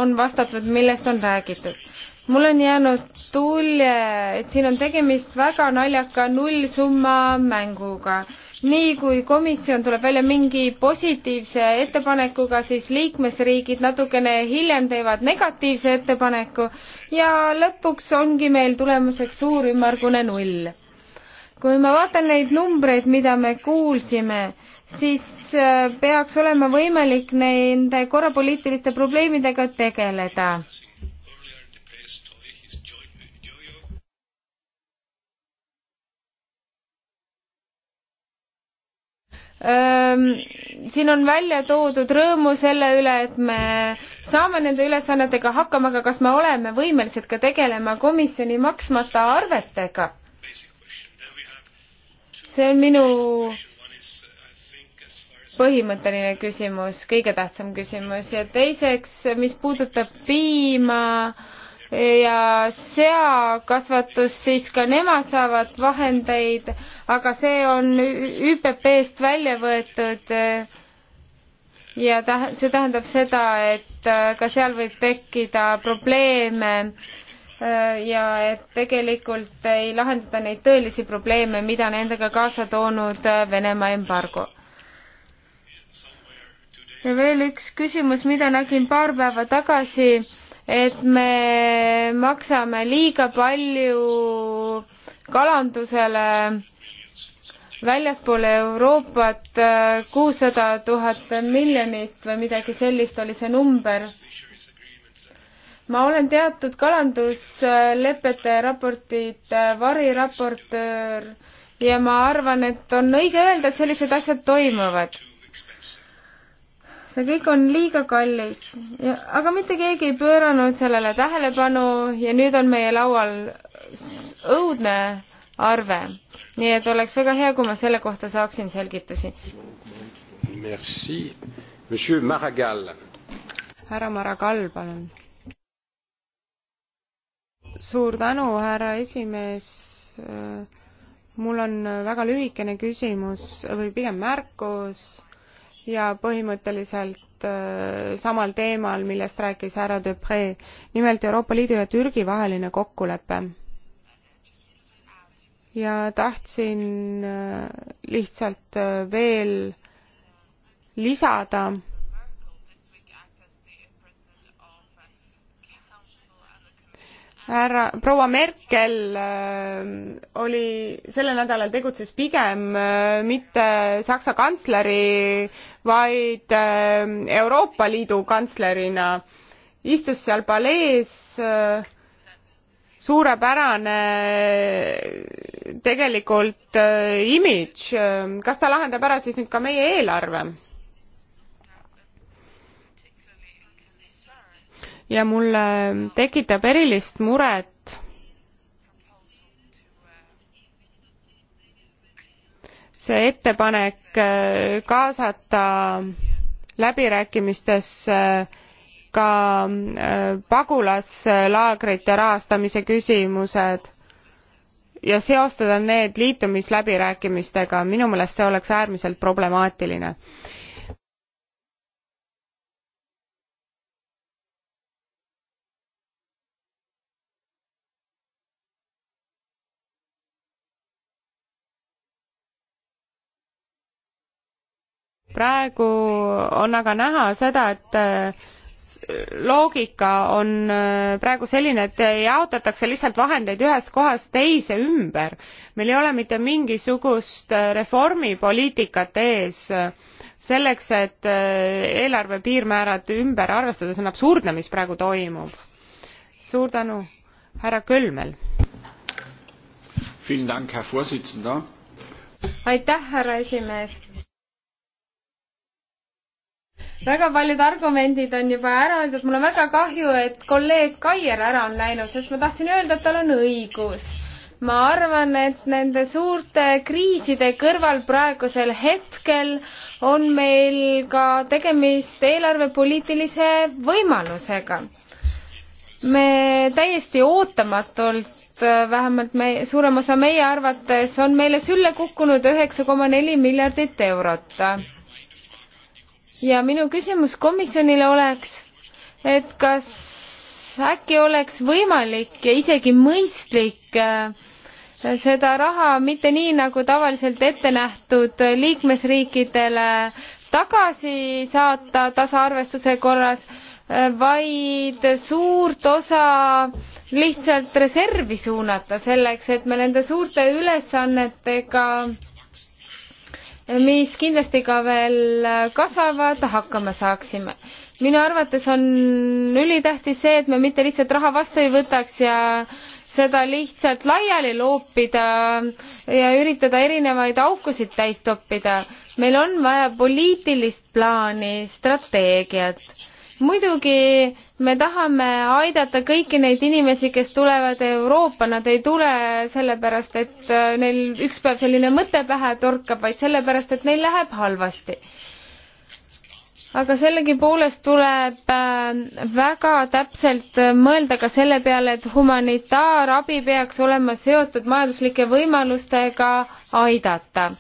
on vastatud, millest on räägitud mul on jäänud tulje, et siin on tegemist väga naljaka nullsumma mänguga. nii kui komisjon tuleb välja mingi positiivse ettepanekuga, siis liikmesriigid natukene hiljem teevad negatiivse ettepaneku ja lõpuks ongi meil tulemuseks suur ümmargune null. kui ma vaatan neid numbreid, mida me kuulsime, siis äh, peaks olema võimalik nende korrapoliitiliste probleemidega tegeleda siin on välja toodud rõõmu selle üle, et me saame nende ülesannetega hakkama, aga kas me oleme võimelised ka tegelema komisjoni maksmata arvetega? see on minu põhimõtteline küsimus, kõige tähtsam küsimus ja teiseks, mis puudutab piima äh, ja seakasvatus, siis ka nemad saavad vahendeid, aga see on ÜPP-st välja võetud. ja täh-, see tähendab seda, et äh, ka seal võib tekkida probleeme äh, ja et tegelikult ei lahendada neid tõelisi probleeme, mida on endaga kaasa toonud äh, Venemaa embargo. ja veel üks küsimus, mida nägin paar päeva tagasi et me maksame liiga palju kalandusele väljaspool Euroopat äh, kuussada tuhat miljonit või midagi sellist oli see number. ma olen teatud kalanduslepete raportite äh, variraportöör ja ma arvan, et on õige öelda, et sellised asjad toimuvad see kõik on liiga kallis, aga mitte keegi ei pööranud sellele tähelepanu ja nüüd on meie laual õudne arve. nii et oleks väga hea, kui ma selle kohta saaksin selgitusi. Merci, monsieur Maragall. härra Maragall, palun. suur tänu, härra esimees. Äh, mul on väga lühikene küsimus või pigem märkus ja põhimõtteliselt äh, samal teemal, millest rääkis härra Depre, nimelt Euroopa Liidu ja Türgi vaheline kokkulepe. ja tahtsin äh, lihtsalt äh, veel lisada härra, proua Merkel äh, oli, sellel nädalal tegutses pigem äh, mitte Saksa kantsleri, vaid äh, Euroopa Liidu kantslerina. istus seal palees suurepärane tegelikult imidž. kas ta lahendab ära siis nüüd ka meie eelarve? ja mulle tekitab erilist muret see ettepanek äh, kaasata läbirääkimistesse ka äh, pagulaslaagrite rahastamise küsimused ja seostada need liitumisläbirääkimistega minu meelest see oleks äärmiselt problemaatiline praegu on aga näha seda, et äh, loogika on äh, praegu selline, et jaotatakse lihtsalt vahendeid ühest kohast teise ümber. meil ei ole mitte mingisugust äh, reformipoliitikat ees selleks, et eelarve piirmäärad ümber arvestada, see on absurdne, mis praegu toimub. suur tänu, härra Kölmel. aitäh, härra esimees väga paljud argumendid on juba ära öeldud, mul on väga kahju, et kolleeg Kaier ära on läinud, sest ma tahtsin öelda, et tal on õigus. ma arvan, et nende suurte kriiside kõrval praegusel hetkel on meil ka tegemist eelarvepoliitilise võimalusega me täiesti ootamatult, vähemalt me, suurem osa meie arvates, on meile sülle kukkunud üheksa koma neli miljardit eurot ja minu küsimus komisjonile oleks, et kas äkki oleks võimalik ja isegi mõistlik äh, seda raha mitte nii, nagu tavaliselt ette nähtud liikmesriikidele tagasi saata tasaarvestuse korras, äh, vaid suurt osa lihtsalt reservi suunata selleks, et me nende suurte ülesannetega mis kindlasti ka veel kasvavad, hakkama saaksime. minu arvates on ülitähtis see, et me mitte lihtsalt raha vastu ei võtaks ja seda lihtsalt laiali loopida ja üritada erinevaid aukusid täis toppida. meil on vaja poliitilist plaani, strateegiat muidugi me tahame aidata kõiki neid inimesi, kes tulevad Euroopa, nad ei tule sellepärast, et äh, neil üks päev selline mõte pähe torkab, vaid sellepärast, et neil läheb halvasti. aga sellegipoolest tuleb äh, väga täpselt äh, mõelda ka selle peale, et humanitaarabi peaks olema seotud majanduslike võimalustega aidata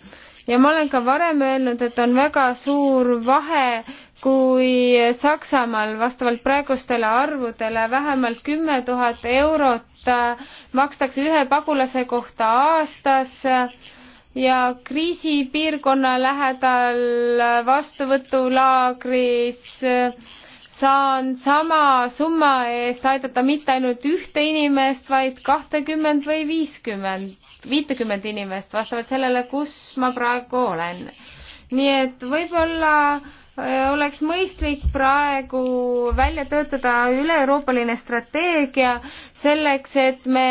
ja ma olen ka varem öelnud, et on väga suur vahe, kui Saksamaal vastavalt praegustele arvudele vähemalt kümme tuhat eurot äh, makstakse ühe pagulase kohta aastas äh, ja kriisipiirkonna lähedal äh, vastuvõtulaagris saan sama summa eest aidata mitte ainult ühte inimest, vaid kahtekümmend või viiskümmend viitekümmet inimest, vastavalt sellele, kus ma praegu olen. nii et võib-olla äh, oleks mõistlik praegu välja töötada üle-euroopaline strateegia selleks, et me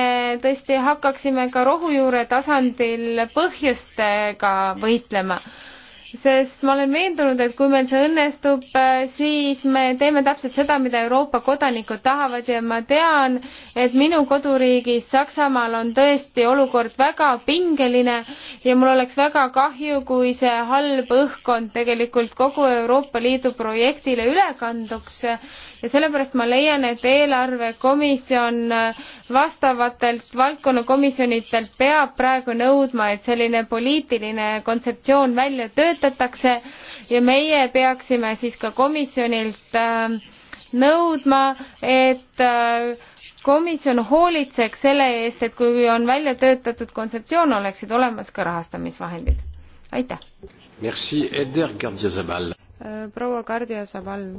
tõesti hakkaksime ka rohujuure tasandil põhjustega võitlema sest ma olen veendunud, et kui meil see õnnestub, äh, siis me teeme täpselt seda, mida Euroopa kodanikud tahavad ja ma tean, et minu koduriigis Saksamaal on tõesti olukord väga pingeline ja mul oleks väga kahju, kui see halb õhkkond tegelikult kogu Euroopa Liidu projektile üle kanduks ja sellepärast ma leian, et eelarvekomisjon äh, vastavatelt valdkonnakomisjonitelt peab praegu nõudma, et selline poliitiline kontseptsioon välja töötatakse ja meie peaksime siis ka komisjonilt äh, nõudma, et äh, komisjon hoolitseks selle eest, et kui on välja töötatud kontseptsioon, oleksid olemas ka rahastamisvahendid. aitäh! proua Gardia Zabal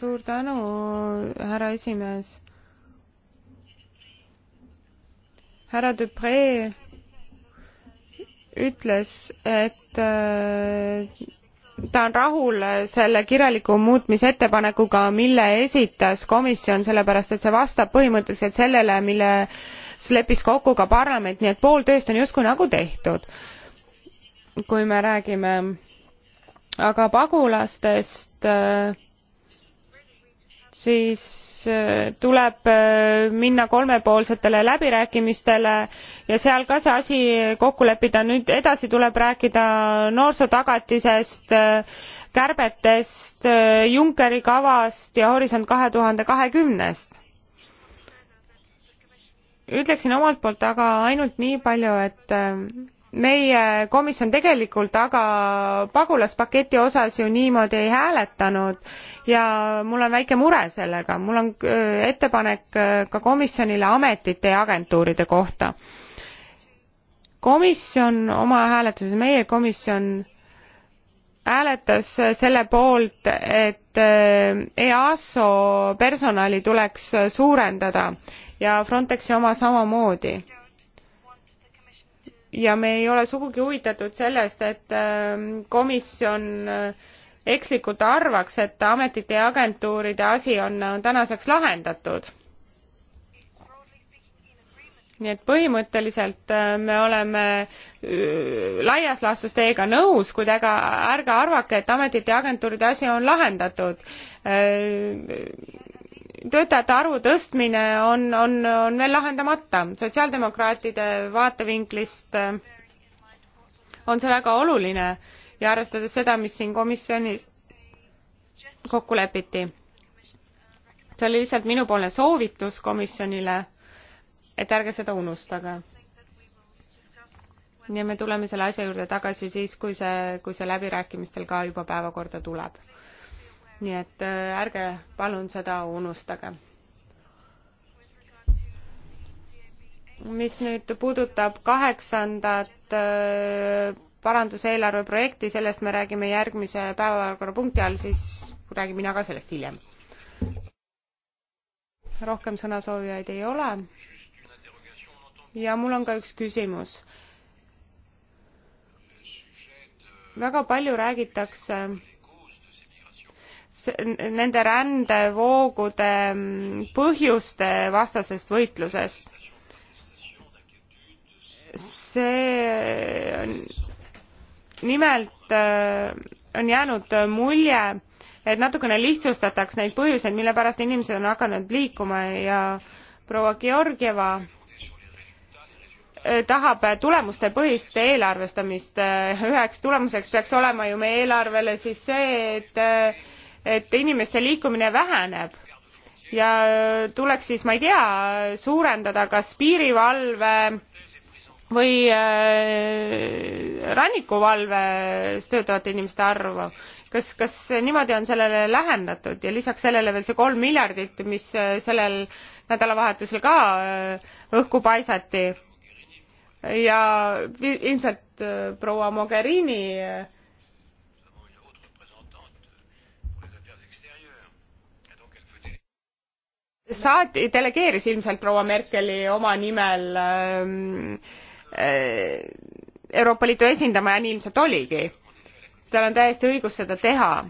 suur tänu, härra esimees. härra Dupree ütles, et äh, ta on rahul selle kirjaliku muutmise ettepanekuga, mille esitas komisjon, sellepärast et see vastab põhimõtteliselt sellele, milles leppis kokku ka parlament, nii et pool tööst on justkui nagu tehtud. kui me räägime aga pagulastest äh, siis äh, tuleb äh, minna kolmepoolsetele läbirääkimistele ja seal ka see asi kokku leppida nüüd edasi tuleb rääkida noorsootagatisest äh, kärbetest junckeri kavast ja horisont 2020-st ütleksin omalt poolt aga ainult nii palju et meie komisjon tegelikult aga pagulaspaketi osas ju niimoodi ei hääletanud ja mul on väike mure sellega, mul on äh, ettepanek äh, ka komisjonile ametite ja agentuuride kohta. komisjon oma hääletuses, meie komisjon hääletas selle poolt, et äh, EASO personali tuleks suurendada ja Frontexi oma samamoodi ja me ei ole sugugi huvitatud sellest, et ähm, komisjon äh, ekslikult arvaks, et ametite ja agentuuride asi on tänaseks lahendatud. nii et põhimõtteliselt äh, me oleme äh, laias laastus teiega nõus, kuid ega ärge arvake, et ametite ja agentuuride asi on lahendatud töötajate arvu tõstmine on, on, on veel lahendamata. sotsiaaldemokraatide vaatevinklist äh, on see väga oluline ja arvestades seda, mis siin komisjonis kokku lepiti. see oli lihtsalt minupoolne soovitus komisjonile, et ärge seda unustage. ja me tuleme selle asja juurde tagasi siis, kui see, kui see läbirääkimistel ka juba päevakorda tuleb nii et äh, ärge palun seda unustage. mis nüüd puudutab kaheksandat äh, paranduseelarve projekti, sellest me räägime järgmise päevakorrapunkti all, siis räägin mina ka sellest hiljem. rohkem sõnasoovijaid ei ole. ja mul on ka üks küsimus. väga palju räägitakse nende rändevoogude mm, põhjuste vastasest võitlusest. see on, nimelt äh, on jäänud mulje, et natukene lihtsustataks neid põhjuseid, mille pärast inimesed on hakanud liikuma ja proua Georgieva äh, tahab tulemustepõhist eelarvestamist äh, üheks tulemuseks peaks olema ju meie eelarvele siis see et et inimeste liikumine väheneb ja äh, tuleks siis, ma ei tea, suurendada kas piirivalve või äh, rannikuvalves töötavate inimeste arvu. kas, kas niimoodi on sellele lähendatud ja lisaks sellele veel see kolm miljardit, mis äh, sellel nädalavahetusel ka õhku paisati ja ilmselt proua Mogherini saat-, delegeeris ilmselt proua Merkeli oma nimel ähm, äh, Euroopa Liitu esindama ja nii ilmselt oligi. tal on täiesti õigus seda teha.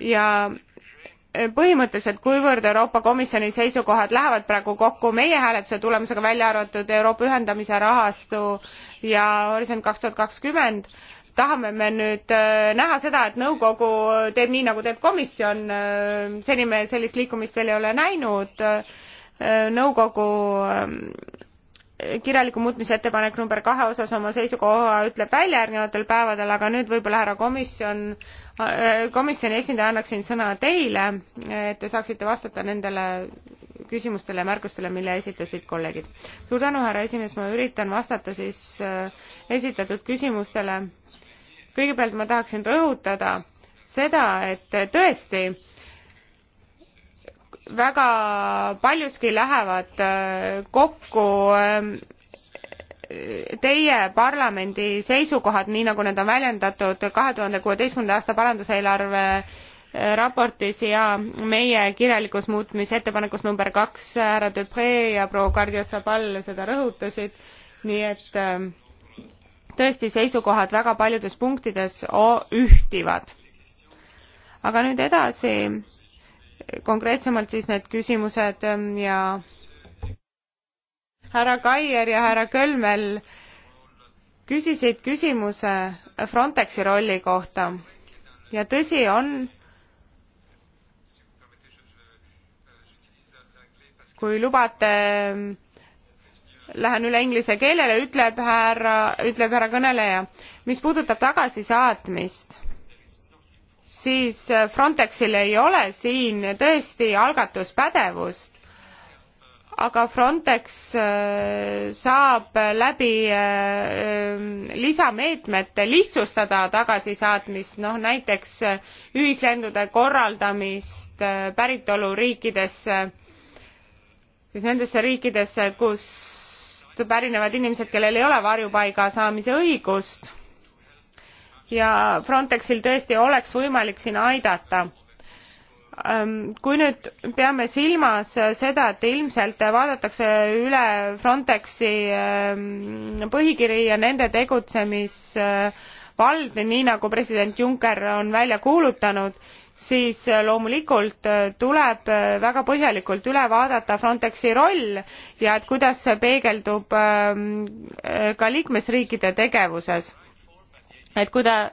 ja põhimõtteliselt, kuivõrd Euroopa Komisjoni seisukohad lähevad praegu kokku meie hääletuse tulemusega, välja arvatud Euroopa ühendamise rahastu ja Horisont kaks tuhat kakskümmend, tahame me nüüd äh, näha seda, et nõukogu teeb nii, nagu teeb komisjon, äh, seni me sellist liikumist veel ei ole näinud, äh, nõukogu ähm, kirjaliku muutmise ettepanek number kahe osas oma seisukoha ütleb välja järgnevatel päevadel, aga nüüd võib-olla härra komisjon, komisjoni esindaja annaksin sõna teile, et te saaksite vastata nendele küsimustele ja märkustele, mille esitasid kolleegid. suur tänu, härra esimees, ma üritan vastata siis esitatud küsimustele kõigepealt ma tahaksin rõhutada seda, et tõesti väga paljuski lähevad äh, kokku ähm, teie parlamendi seisukohad, nii nagu need on väljendatud kahe tuhande kuueteistkümnenda aasta paranduseelarve äh, raportis ja meie kirjalikus muutmisettepanekus number kaks härra Dupre ja proua Kardiasabal seda rõhutasid, nii et äh, tõesti seisukohad väga paljudes punktides ühtivad. aga nüüd edasi, konkreetsemalt siis need küsimused ähm, ja härra Kaier ja härra Kölmel küsisid küsimuse Frontexi rolli kohta ja tõsi on, kui lubate lähen üle inglise keelele, ütleb härra, ütleb härra kõneleja. mis puudutab tagasisaatmist, siis äh, Frontexil ei ole siin tõesti algatuspädevust, aga Frontex äh, saab läbi äh, lisameetmete lihtsustada tagasisaatmist, noh näiteks ühislendude korraldamist päritoluriikidesse, siis nendesse riikidesse, kus kust pärinevad inimesed kellel ei ole varjupaiga saamise õigust ja frontexil tõesti oleks võimalik siin aidata ähm, kui nüüd peame silmas seda et ilmselt vaadatakse üle frontexi ähm, põhikiri ja nende tegutsemisvald äh, nii nagu president juncker on välja kuulutanud siis äh, loomulikult äh, tuleb äh, väga põhjalikult üle vaadata Frontexi roll ja et kuidas see peegeldub ähm, ka liikmesriikide tegevuses. et kuida-,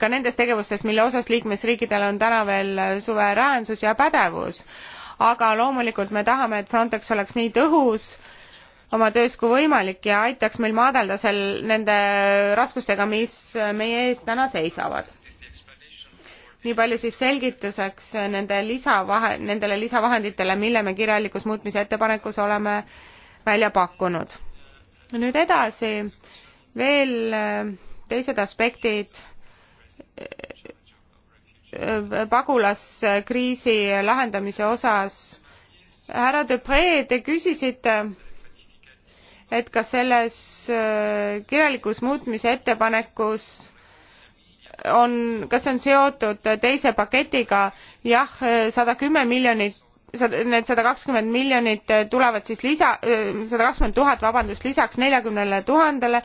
ka nendes tegevustes, mille osas liikmesriikidel on täna veel suveräänsus ja pädevus. aga loomulikult me tahame, et Frontex oleks nii tõhus, oma töös kui võimalik ja aitaks meil maadelda seal nende raskustega, mis meie ees täna seisavad nii palju siis selgituseks nende lisavahe, nendele lisavahenditele, mille me kirjalikus muutmise ettepanekus oleme välja pakkunud. nüüd edasi veel äh, teised aspektid äh, pagulaskriisi lahendamise osas. härra Depree, te küsisite, et kas selles äh, kirjalikus muutmise ettepanekus on, kas see on seotud teise paketiga? jah, sada kümme miljonit, need sada kakskümmend miljonit tulevad siis lisa, sada kakskümmend tuhat, vabandust, lisaks neljakümnele tuhandele.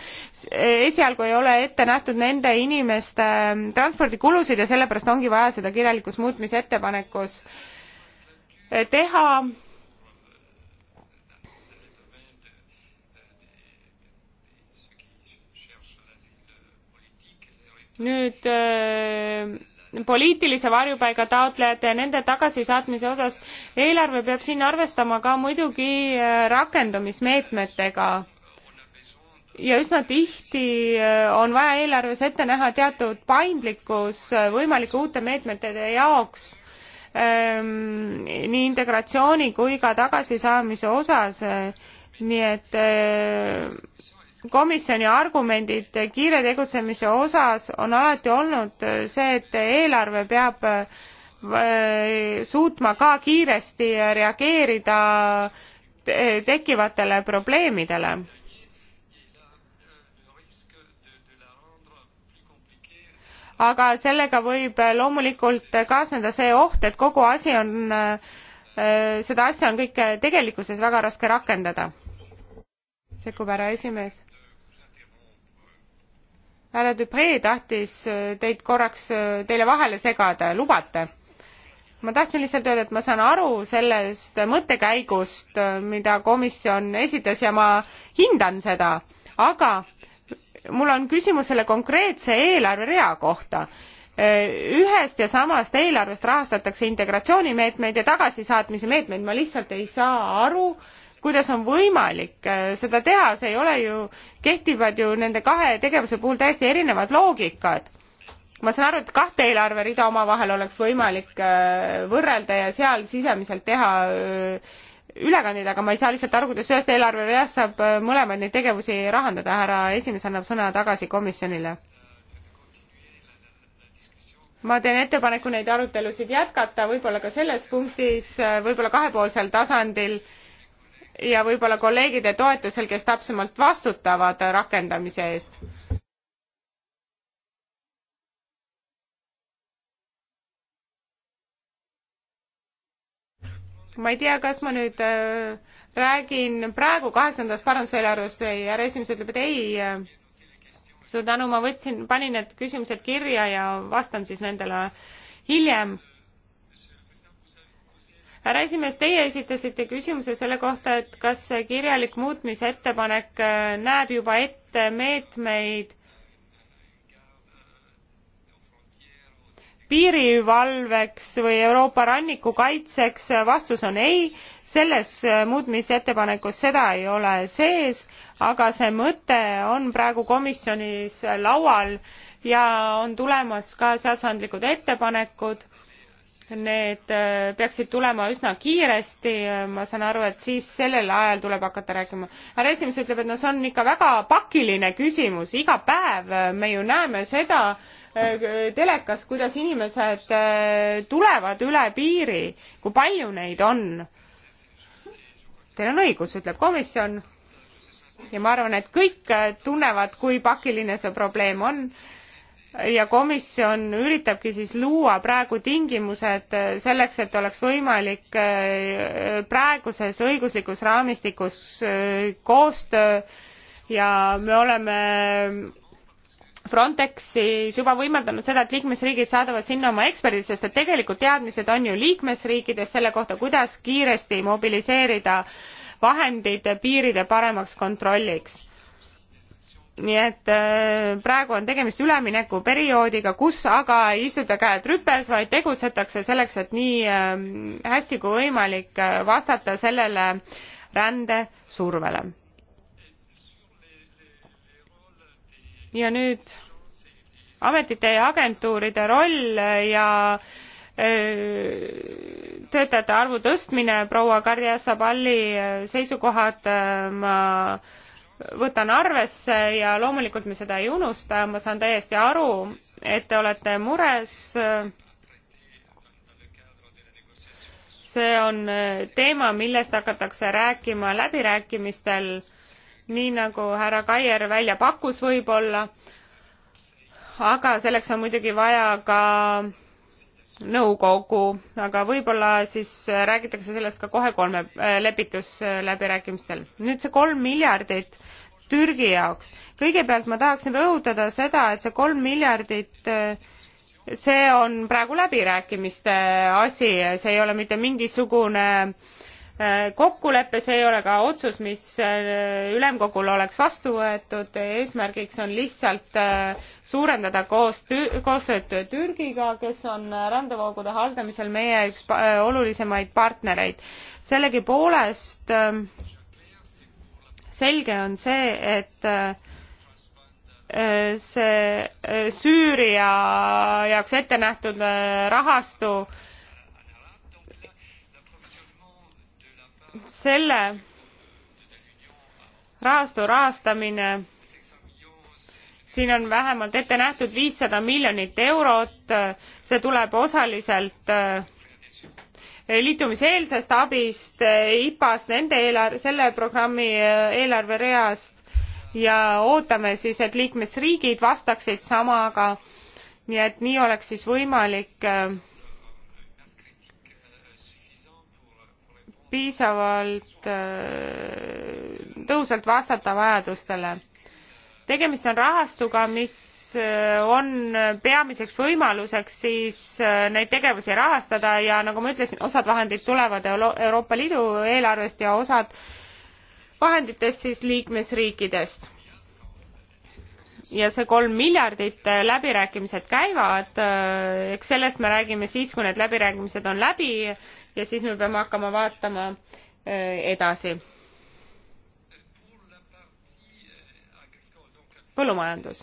esialgu ei ole ette nähtud nende inimeste ähm, transpordikulusid ja sellepärast ongi vaja seda kirjalikus muutmise ettepanekus äh, teha nüüd öö, äh, poliitilise varjupaiga taotlejate ja nende tagasisaatmise osas eelarve peab siin arvestama ka muidugi äh, rakendumismeetmetega ja üsna tihti äh, on vaja eelarves ette näha teatud paindlikkus võimalike uute meetmete jaoks ähm, nii integratsiooni kui ka tagasisaamise osas nii et äh, komisjoni argumendid kiire tegutsemise osas on alati olnud see, et eelarve peab äh, suutma ka kiiresti reageerida tekkivatele probleemidele. aga sellega võib loomulikult kaasneda see oht, et kogu asi on, äh, seda asja on kõike tegelikkuses väga raske rakendada. sekkub härra esimees härra Dupree tahtis äh, teid korraks, äh, teile vahele segada, lubate? ma tahtsin lihtsalt öelda, et ma saan aru sellest mõttekäigust, äh, mida komisjon esitas ja ma hindan seda, aga mul on küsimus selle konkreetse eelarverea kohta ühest ja samast eelarvest rahastatakse integratsioonimeetmeid ja tagasisaatmise meetmeid ma lihtsalt ei saa aru kuidas on võimalik äh, seda teha, see ei ole ju, kehtivad ju nende kahe tegevuse puhul täiesti erinevad loogikad. ma saan aru, et kahte eelarverida omavahel oleks võimalik äh, võrrelda ja seal sisemiselt teha äh, ülekandeid, aga ma ei saa lihtsalt aru, kuidas ühest eelarvereast saab mõlemaid neid tegevusi rahandada, härra esimees annab sõna tagasi komisjonile. ma teen ettepaneku neid arutelusid jätkata, võib-olla ka selles punktis, võib-olla kahepoolsel tasandil ja võib-olla kolleegide toetusel, kes täpsemalt vastutavad rakendamise eest. ma ei tea, kas ma nüüd äh, räägin praegu kaheksandast paranduseelarvest või härra esimees ütleb, et ei. Äh, suur tänu, ma võtsin, panin need küsimused kirja ja vastan siis nendele hiljem härra esimees, teie esitasite küsimuse selle kohta, et kas kirjalik muutmise ettepanek äh, näeb juba ette meetmeid piirivalveks või Euroopa ranniku kaitseks, vastus on ei, selles äh, muutmise ettepanekus seda ei ole sees, aga see mõte on praegu komisjonis laual ja on tulemas ka seadusandlikud ettepanekud need äh, peaksid tulema üsna kiiresti, ma saan aru, et siis sellel ajal tuleb hakata rääkima. härra esimees ütleb, et no see on ikka väga pakiline küsimus, iga päev äh, me ju näeme seda äh, telekas, kuidas inimesed tulevad üle piiri, kui palju neid on. Teil on õigus, ütleb komisjon. ja ma arvan, et kõik tunnevad, kui pakiline see probleem on ja komisjon üritabki siis luua praegu tingimused äh, selleks, et oleks võimalik äh, praeguses õiguslikus raamistikus äh, koostöö ja me oleme Frontexis juba võimaldanud seda, et liikmesriigid saadavad sinna oma eksperdid, sest et tegelikult teadmised on ju liikmesriikides selle kohta, kuidas kiiresti mobiliseerida vahendid piiride paremaks kontrolliks nii et äh, praegu on tegemist üleminekuperioodiga, kus aga ei istuta käed rüpes, vaid tegutsetakse selleks, et nii äh, hästi kui võimalik äh, vastata sellele rändesurvele. ja nüüd ametite ja agentuuride roll ja töötajate arvu tõstmine, proua Karja Sabali seisukohad ma äh, võtan arvesse ja loomulikult me seda ei unusta, ma saan täiesti aru, et te olete mures. see on teema, millest hakatakse rääkima läbirääkimistel, nii nagu härra Kaier välja pakkus võib-olla, aga selleks on muidugi vaja ka nõukogu, aga võib-olla siis räägitakse sellest ka kohe kolme äh, lepitusläbirääkimistel. nüüd see kolm miljardit Türgi jaoks. kõigepealt ma tahaksin rõhutada seda, et see kolm miljardit äh, see on praegu läbirääkimiste asi, see ei ole mitte mingisugune äh, kokkulepe, see ei ole ka otsus, mis äh, ülemkogul oleks vastu võetud, eesmärgiks on lihtsalt äh, suurendada koos, koostööd Türgiga, kes on äh, rändevoogude haldamisel meie üks olulisemaid partnereid. sellegipoolest selge on see, et see Süüria jaoks ette nähtud rahastu selle rahastu rahastamine siin on vähemalt ette nähtud viissada miljonit eurot see tuleb osaliselt eh, liitumiseelsest abist eh, ipast nende eelar- selle programmi eh, eelarvereast ja ootame siis et liikmesriigid vastaksid samaga nii et nii oleks siis võimalik äh, piisavalt äh, tõhusalt vastata vajadustele. tegemist on rahastuga, mis äh, on peamiseks võimaluseks siis äh, neid tegevusi rahastada ja nagu ma ütlesin, osad vahendid tulevad Euroopa Liidu eelarvest ja osad vahenditest siis liikmesriikidest. ja see kolm miljardit, läbirääkimised käivad, eks sellest me räägime siis, kui need läbirääkimised on läbi ja siis me peame hakkama vaatama äh, edasi. põllumajandus.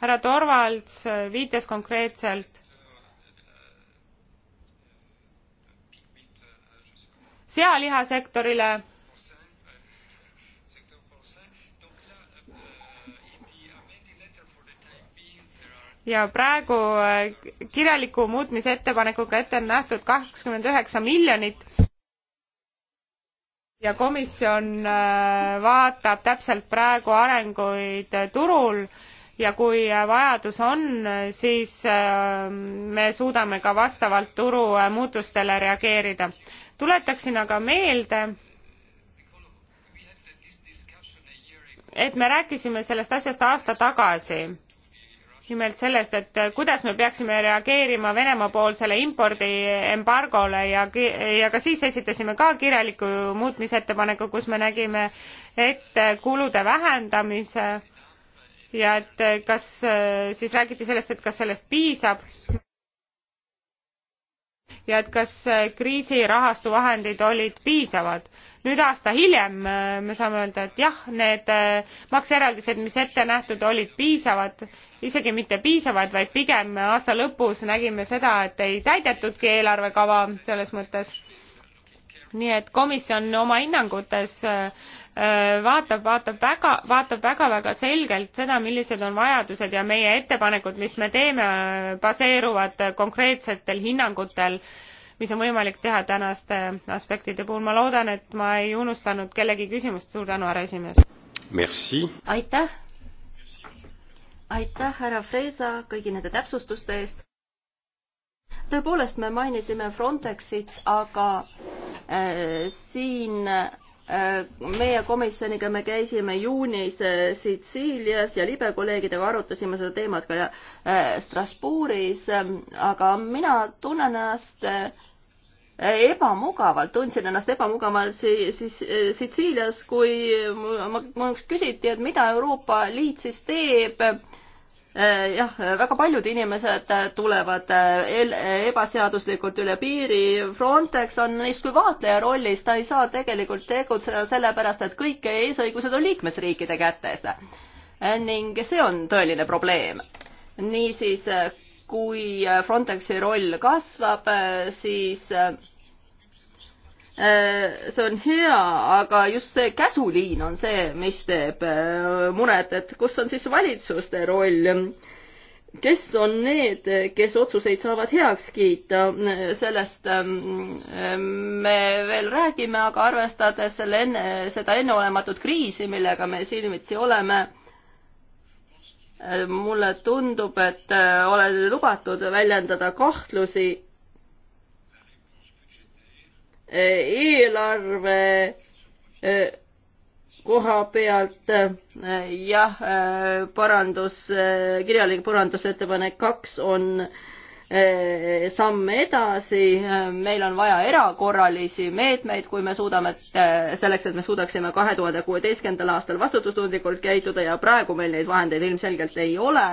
härra Torvalds äh, viitas konkreetselt sealihasektorile ja praegu äh, kirjaliku muutmise ettepanekuga ette on nähtud kakskümmend üheksa miljonit ja komisjon äh, vaatab täpselt praegu arenguid äh, turul ja kui vajadus on, siis me suudame ka vastavalt turu muutustele reageerida. tuletaksin aga meelde, et me rääkisime sellest asjast aasta tagasi nimelt sellest, et kuidas me peaksime reageerima Venemaa poolsele impordiembargole ja, ja ka siis esitasime ka kirjaliku muutmisettepaneku, kus me nägime ette kulude vähendamise ja et kas siis räägiti sellest, et kas sellest piisab ja et kas äh, kriisirahastu vahendid olid piisavad. nüüd aasta hiljem äh, me saame öelda, et jah, need äh, makseeraldised, mis ette nähtud, olid piisavad, isegi mitte piisavad, vaid pigem aasta lõpus nägime seda, et ei täidetudki eelarvekava selles mõttes nii et komisjon oma hinnangutes äh, äh, vaatab, vaatab väga, vaatab väga-väga selgelt seda, millised on vajadused ja meie ettepanekud, mis me teeme, äh, baseeruvad konkreetsetel hinnangutel, mis on võimalik teha tänaste aspektide puhul. ma loodan, et ma ei unustanud kellegi küsimust. suur tänu, härra esimees! aitäh! aitäh, härra Freisa, kõigi nende täpsustuste eest! tõepoolest, me mainisime Frontexit, aga äh, siin äh, meie komisjoniga me käisime juunis äh, Sitsiilias ja libe kolleegidega arutasime seda teemat ka äh, Strasbourgis, ähm, aga mina tunnen ennast ebamugavalt, tundsin ennast ebamugavalt siis, siis Sitsiilias, kui mul küsiti, et mida Euroopa Liit siis teeb Äh, jah, väga paljud inimesed tulevad äh, ebaseaduslikult üle piiri, Frontex on neist kui vaatleja rollis, ta ei saa tegelikult tegutseda sellepärast, et kõik eesõigused on liikmesriikide kätes. Äh, ning see on tõeline probleem. niisiis, kui Frontexi roll kasvab, siis Äh, see on hea, aga just see käsuliin on see, mis teeb äh, muret, et kus on siis valitsuste roll. kes on need, kes otsuseid saavad heaks kiita, sellest ähm, me veel räägime, aga arvestades selle enne, seda enneolematut kriisi, millega me silmitsi oleme, äh, mulle tundub, et olen lubatud väljendada kahtlusi Eh, eelarve eh, koha pealt eh, jah, parandus, kirjalik parandusettepanek kaks on samm edasi, meil on vaja erakorralisi meetmeid, kui me suudame, selleks, et me suudaksime kahe tuhande kuueteistkümnendal aastal vastutustundlikult käituda ja praegu meil neid vahendeid ilmselgelt ei ole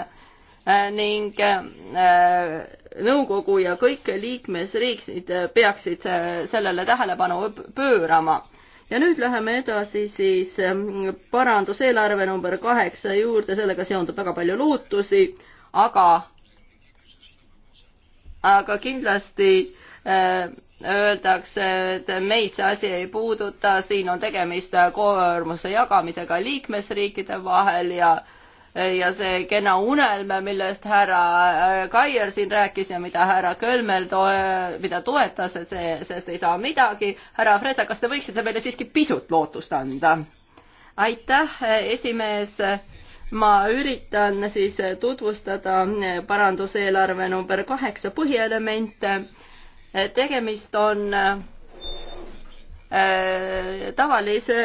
Äh, ning äh, nõukogu ja kõik liikmesriigid peaksid äh, sellele tähelepanu pöörama. ja nüüd läheme edasi siis ähm, paranduseelarve number kaheksa juurde, sellega seondub väga palju lootusi, aga aga kindlasti öeldakse, et meid see asi ei puuduta, siin on tegemist koormuse jagamisega liikmesriikide vahel ja äh, ja see kena unelm, millest härra äh, Kaier siin rääkis ja mida härra Kölmel toe,, mida toetas, et see, sellest ei saa midagi. härra Fresa, kas te võiksite meile siiski pisut lootust anda? aitäh, esimees. ma üritan siis tutvustada paranduseelarve number kaheksa põhielemente. tegemist on Äh, tavalise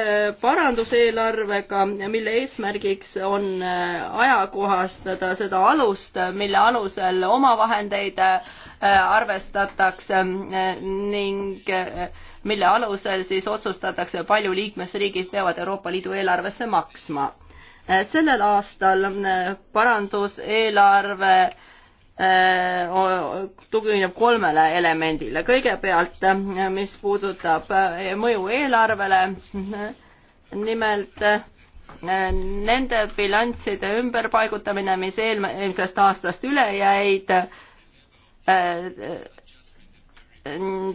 paranduseelarvega, mille eesmärgiks on äh, ajakohastada seda alust, mille alusel omavahendeid äh, arvestatakse ning mille alusel siis otsustatakse, palju liikmesriigid peavad Euroopa Liidu eelarvesse maksma. sellel aastal paranduseelarve Äh, tugineb kolmele elemendile. kõigepealt, äh, mis puudutab äh, mõju eelarvele, nimelt nende bilansside ümberpaigutamine, mis eelmisest aastast üle jäid,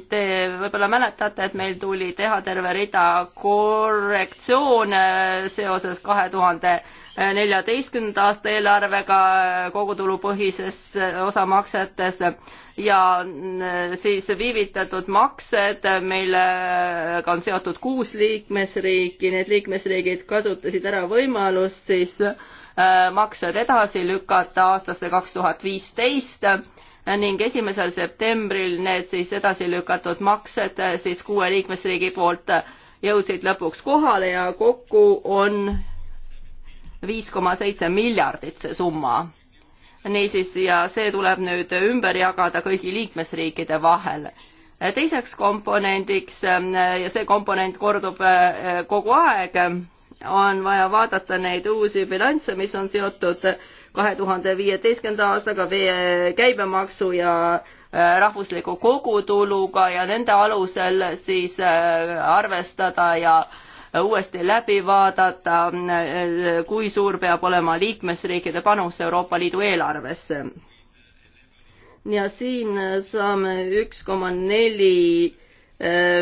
Te võib-olla mäletate, et meil tuli teha terve rida korrektsioone seoses kahe tuhande neljateistkümnenda aasta eelarvega kogutulupõhises osamaksetes ja mm, siis viivitatud maksed, millega on seotud kuus liikmesriiki, need liikmesriigid kasutasid ära võimalust siis äh, maksed edasi lükata aastasse kaks tuhat viisteist ning esimesel septembril need siis edasi lükatud maksed eh, siis kuue liikmesriigi poolt eh, jõudsid lõpuks kohale ja kokku on viis koma seitse miljardit see summa. niisiis, ja see tuleb nüüd ümber jagada kõigi liikmesriikide vahel. Eh, teiseks komponendiks ja see komponent kordub kogu aeg, on vaja vaadata neid uusi bilansse, mis on seotud kahe tuhande viieteistkümnenda aastaga vee käibemaksu ja äh, rahvusliku kogutuluga ja nende alusel siis äh, arvestada ja äh, uuesti läbi vaadata, kui suur peab olema liikmesriikide panus Euroopa Liidu eelarvesse. ja siin saame üks koma neli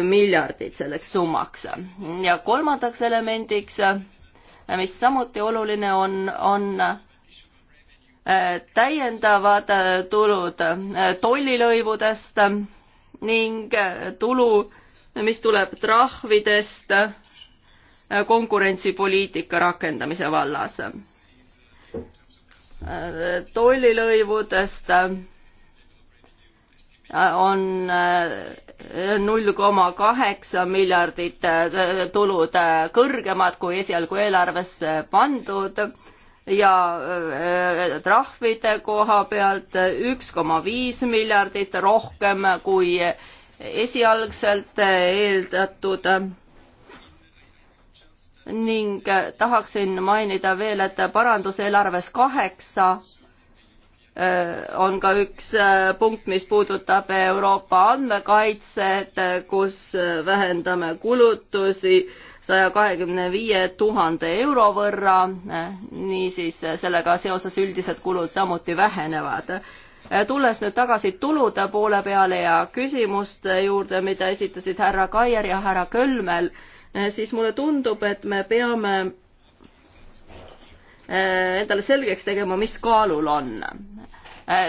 miljardit selleks summaks. ja kolmandaks elemendiks, mis samuti oluline on, on täiendavad äh, tulud äh, tollilõivudest äh, ning tulu, mis tuleb trahvidest konkurentsipoliitika rakendamise vallas. tollilõivudest on null koma kaheksa miljardit tulud kõrgemad kui esialgu eelarvesse pandud ja äh, äh, trahvide koha pealt äh, üks koma viis miljardit rohkem kui esialgselt eeldatud ning tahaksin mainida veel, et paranduseelarves kaheksa on ka üks punkt, mis puudutab Euroopa andmekaitset, kus vähendame kulutusi saja kahekümne viie tuhande euro võrra, niisiis sellega seoses üldised kulud samuti vähenevad. tulles nüüd tagasi tulude poole peale ja küsimuste juurde, mida esitasid härra Kaier ja härra Kölmel, siis mulle tundub, et me peame eh, endale selgeks tegema, mis kaalul on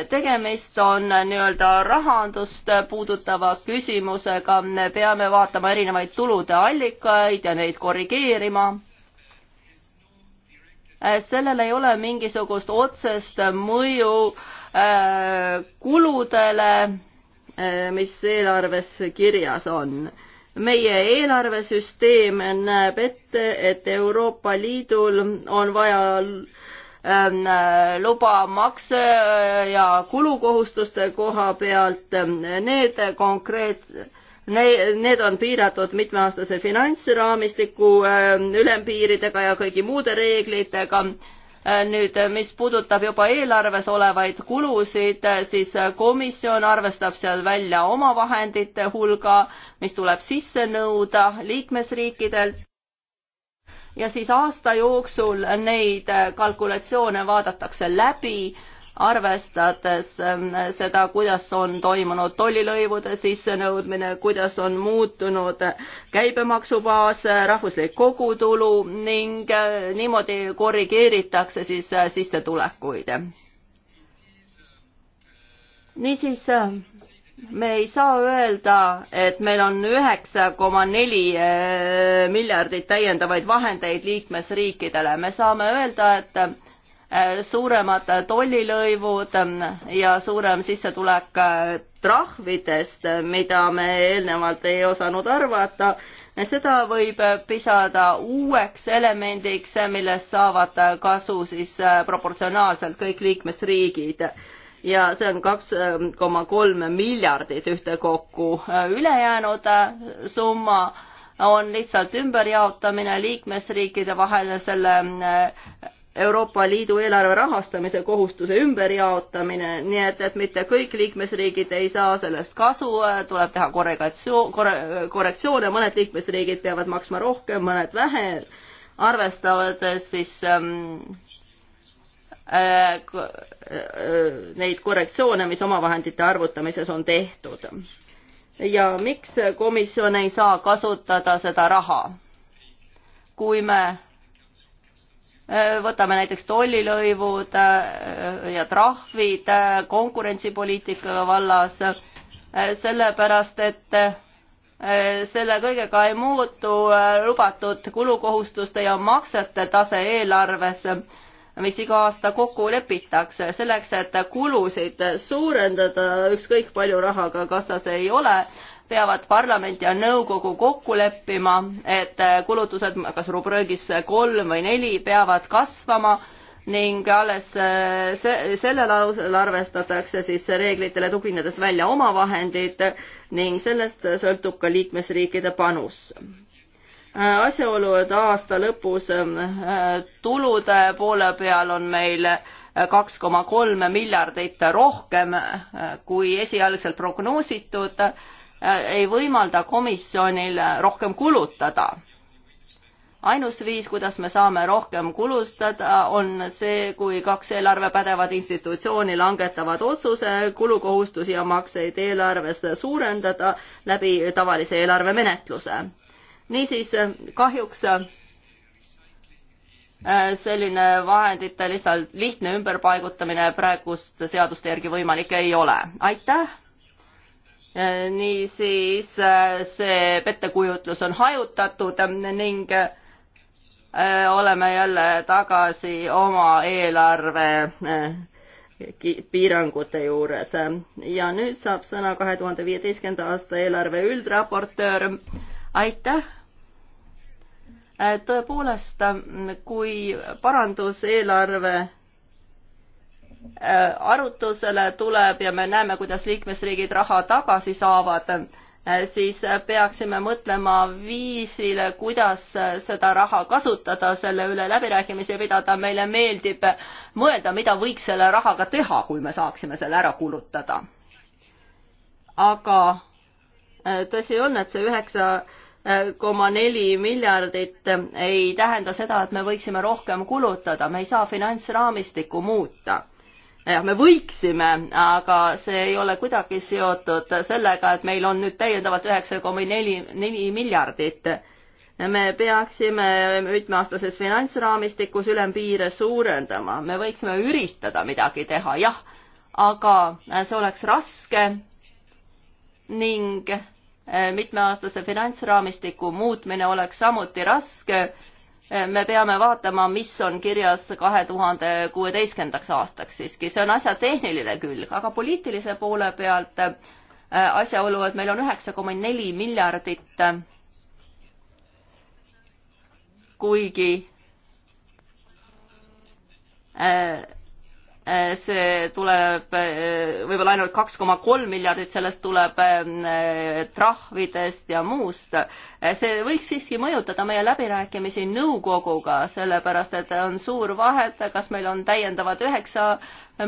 tegemist on nii-öelda rahandust puudutava küsimusega, me peame vaatama erinevaid tulude allikaid ja neid korrigeerima. sellel ei ole mingisugust otsest mõju äh, kuludele, äh, mis eelarves kirjas on. meie eelarvesüsteem näeb ette, et Euroopa Liidul on vaja Ähm, luba makse äh, ja kulukohustuste koha pealt, need konkreetsed Need on piiratud mitmeaastase finantsraamistiku ähm, ülempiiridega ja kõigi muude reeglitega. Äh, nüüd, mis puudutab juba eelarves olevaid kulusid, siis komisjon arvestab seal välja omavahendite hulga, mis tuleb sisse nõuda liikmesriikidelt ja siis aasta jooksul neid äh, kalkulatsioone vaadatakse läbi, arvestades ähm, seda, kuidas on toimunud tollilõivude sissenõudmine, kuidas on muutunud käibemaksubaas, rahvuslik kogutulu ning äh, niimoodi korrigeeritakse siis äh, sissetulekuid. niisiis me ei saa öelda, et meil on üheksa koma neli eh, miljardit täiendavaid vahendeid liikmesriikidele, me saame öelda, et eh, suuremad tollilõivud eh, ja suurem sissetulek trahvidest, mida me eelnevalt ei osanud arvata, seda võib pisada uueks elemendiks, millest saavad kasu siis proportsionaalselt kõik liikmesriigid ja see on kaks ähm, koma kolm miljardit ühtekokku. Äh, ülejäänud äh, summa on lihtsalt ümberjaotamine liikmesriikide vahel selle äh, Euroopa Liidu eelarve rahastamise kohustuse ümberjaotamine, nii et, et mitte kõik liikmesriigid ei saa sellest kasu, tuleb teha korregatsioon korre,, korrektsioone, mõned liikmesriigid peavad maksma rohkem, mõned vähem, arvestades siis ähm, Äh, äh, äh, neid korrektsioone, mis omavahendite arvutamises on tehtud. ja miks komisjon ei saa kasutada seda raha? kui me võtame näiteks tollilõivud ja trahvid konkurentsipoliitika vallas, sellepärast et selle kõigega ei muutu lubatud kulukohustuste ja maksete tase eelarves mis iga aasta kokku lepitakse, selleks et kulusid suurendada, ükskõik palju raha ka kassas ei ole, peavad parlament ja nõukogu kokku leppima, et kulutused kas rubriigis kolm või neli peavad kasvama ning alles se sellel alusel arvestatakse siis reeglitele tuginedes välja omavahendid ning sellest sõltub ka liikmesriikide panus Äh, asjaolu, et aasta lõpus äh, tulude poole peal on meil äh, kaks koma kolm miljardit rohkem kui esialgselt prognoositud, ei võimalda komisjonil rohkem kulutada. ainus viis, kuidas me saame rohkem kulustada, on see, kui kaks eelarvepädevat institutsiooni langetavad otsuse kulukohustusi ja makseid eelarves suurendada läbi tavalise eelarvemenetluse niisiis äh, kahjuks äh, selline vahendite lihtsalt lihtne ümberpaigutamine praeguste seaduste järgi võimalik ei ole. aitäh! Äh, niisiis see pettekujutlus on hajutatud ning oleme jälle tagasi oma eelarve piirangute juures. ja nüüd saab sõna kahe tuhande viieteistkümnenda aasta eelarve üldraportöör aitäh äh, tõepoolest, kui paranduseelarve äh, arutusele tuleb ja me näeme, kuidas liikmesriigid raha tagasi saavad, äh, siis peaksime mõtlema viisile, kuidas seda raha kasutada, selle üle läbirääkimisi pidada, meile meeldib mõelda, mida võiks selle rahaga teha, kui me saaksime selle ära kulutada. aga Äh, tõsi on, et see üheksa äh, koma neli miljardit äh, ei tähenda seda, et me võiksime rohkem kulutada, me ei saa finantsraamistikku muuta. jah, me võiksime, aga see ei ole kuidagi seotud sellega, et meil on nüüd täiendavalt üheksa koma neli, neli miljardit. me peaksime mitmeaastases finantsraamistikus ülempiire suurendama, me võiksime üritada midagi teha, jah, aga see oleks raske ning Eh, mitmeaastase finantsraamistiku muutmine oleks samuti raske. Eh, me peame vaatama, mis on kirjas kahe tuhande kuueteistkümnendaks aastaks siiski, see on asja tehniline külg, aga poliitilise poole pealt eh, asjaolu, et meil on üheksa koma neli miljardit kuigi äh, Eh, see tuleb eh, võib-olla ainult kaks koma kolm miljardit, sellest tuleb eh, trahvidest ja muust. see võiks siiski mõjutada meie läbirääkimisi nõukoguga, sellepärast et on suur vahe, et kas meil on täiendavad üheksa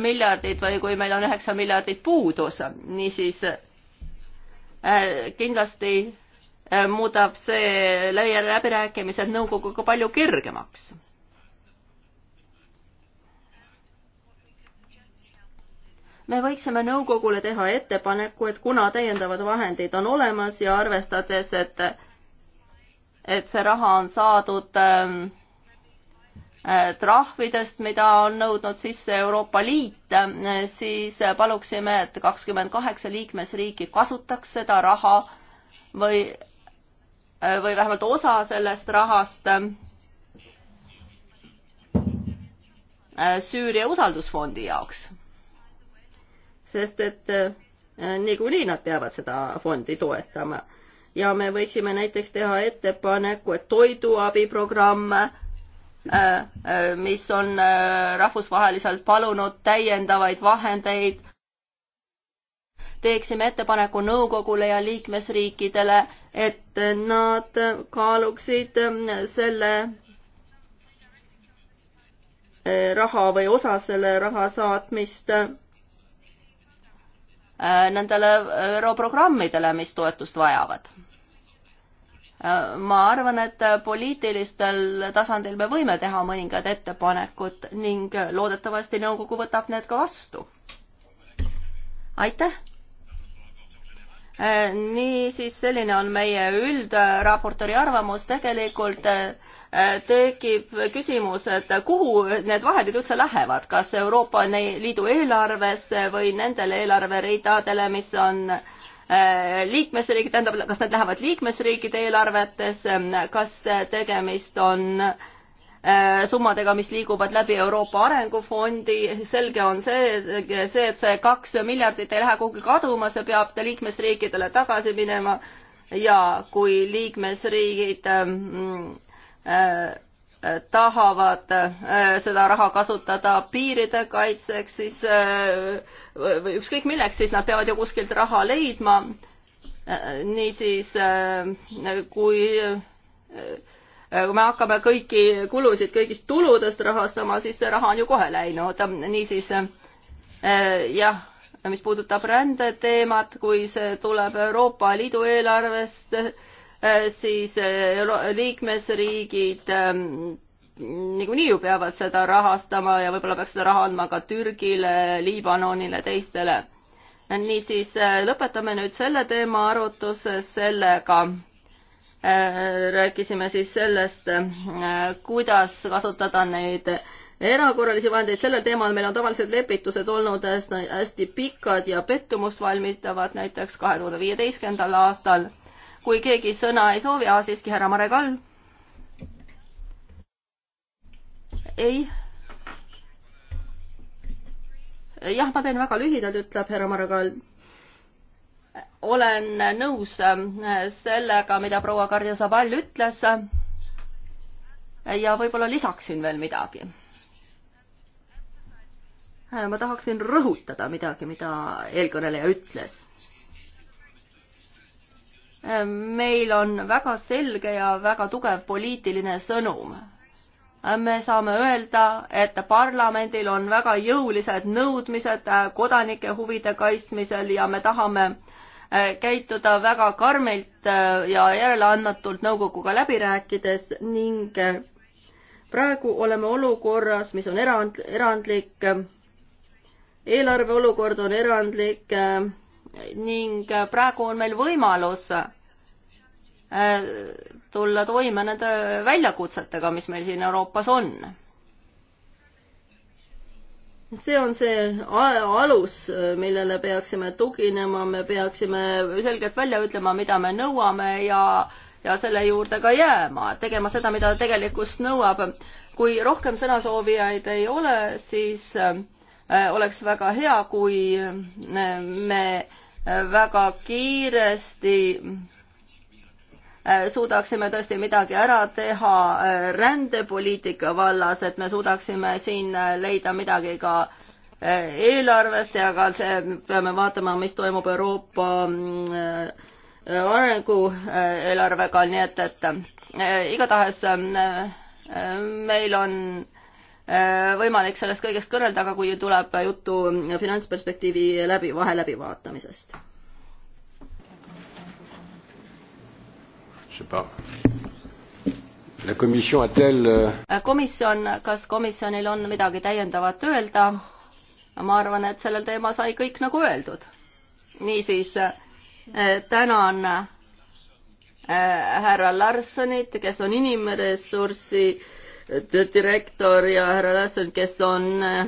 miljardit või kui meil on üheksa miljardit puudus, niisiis kindlasti muudab see läbirääkimised nõukoguga palju kirgemaks me võiksime nõukogule teha ettepaneku, et kuna täiendavad vahendid on olemas ja arvestades, et, et see raha on saadud ähm, äh, trahvidest, mida on nõudnud sisse Euroopa Liit, äh, siis paluksime, et kakskümmend kaheksa liikmesriiki kasutaks seda raha või, äh, või vähemalt osa sellest rahast äh, Süüria usaldusfondi jaoks sest et äh, niikuinii nad peavad seda fondi toetama. ja me võiksime näiteks teha ettepaneku, et toiduabiprogramm, äh, äh, mis on rahvusvaheliselt palunud täiendavaid vahendeid, teeksime ettepaneku nõukogule ja liikmesriikidele, et nad kaaluksid selle raha või osa selle raha saatmist Äh, nendele ÜRO äh, programmidele, mis toetust vajavad. Äh, ma arvan, et poliitilistel tasandil me võime teha mõningad ettepanekud ning loodetavasti nõukogu võtab need ka vastu. aitäh Äh, niisiis, selline on meie üldraportori arvamus, tegelikult äh, tekib küsimus, et kuhu need vahendid üldse lähevad, kas Euroopa Liidu eelarvesse või nendele eelarveridadele, mis on äh, liikmesriigid, tähendab, kas need lähevad liikmesriikide eelarvetesse, kas tegemist on äh, Äh, summadega, mis liiguvad läbi Euroopa Arengufondi. selge on see, see, et see kaks miljardit ei lähe kuhugi kaduma, see peab ta liikmesriikidele tagasi minema ja kui liikmesriigid ähm, äh, tahavad äh, seda raha kasutada piiride kaitseks, siis või ükskõik milleks, siis nad peavad ju kuskilt raha leidma. niisiis, kui Äh, kui me hakkame kõiki kulusid kõigist tuludest rahastama, siis see raha on ju kohe läinud, niisiis äh, jah, mis puudutab rändeteemat, kui see tuleb Euroopa Liidu eelarvest, äh, siis liikmesriigid ähm, niikuinii ju peavad seda rahastama ja võib-olla peaks seda raha andma ka Türgile, Liibanonile, teistele. niisiis lõpetame nüüd selle teema arutluse sellega, Äh, rääkisime siis sellest, äh, kuidas kasutada neid erakorralisi vahendeid, sellel teemal meil on tavaliselt lepitused olnud hästi, hästi pikad ja pettumust valmistavad, näiteks kahe tuhande viieteistkümnendal aastal. kui keegi sõna ei soovi, siiski härra Mare Kall. ei? jah, ma teen väga lühidalt, ütleb härra Mare Kall olen nõus ähm, sellega, mida proua Karja Sabal ütles. ja võib-olla lisaksin veel midagi. Äh, ma tahaksin rõhutada midagi, mida eelkõneleja ütles. Äh, meil on väga selge ja väga tugev poliitiline sõnum äh, me saame öelda, et parlamendil on väga jõulised nõudmised kodanike huvide kaitsmisel ja me tahame äh, Äh, käituda väga karmilt äh, ja järeleandmatult nõukoguga läbi rääkides ning äh, praegu oleme olukorras, mis on erand, erandlik. eelarve olukord on erandlik ning praegu on meil võimalus tulla toime nende väljakutsetega, mis meil siin Euroopas on see on see alus, millele peaksime tuginema, me peaksime selgelt välja ütlema, mida me nõuame ja, ja selle juurde ka jääma, tegema seda, mida tegelikkus nõuab. kui rohkem sõnasoovijaid ei ole, siis äh, oleks väga hea, kui äh, me äh, väga kiiresti Äh, suudaksime tõesti midagi ära teha äh, rändepoliitika vallas, et me suudaksime siin äh, leida midagi ka eelarvest ja ka see, peame vaatama, mis toimub Euroopa mm, arengueelarvega, nii et, et igatahes meil on võimalik sellest kõigest kõnelda, aga kui tuleb juttu finantsperspektiivi läbi, vahe läbivaatamisest Euh, äh, komisjon, kas komisjonil on midagi täiendavat öelda? ma arvan, et sellel teemal sai kõik nagu öeldud. niisiis äh, tänan äh, härra Larssonit, kes on inimressurssi direktor ja härra Larsson, kes on äh,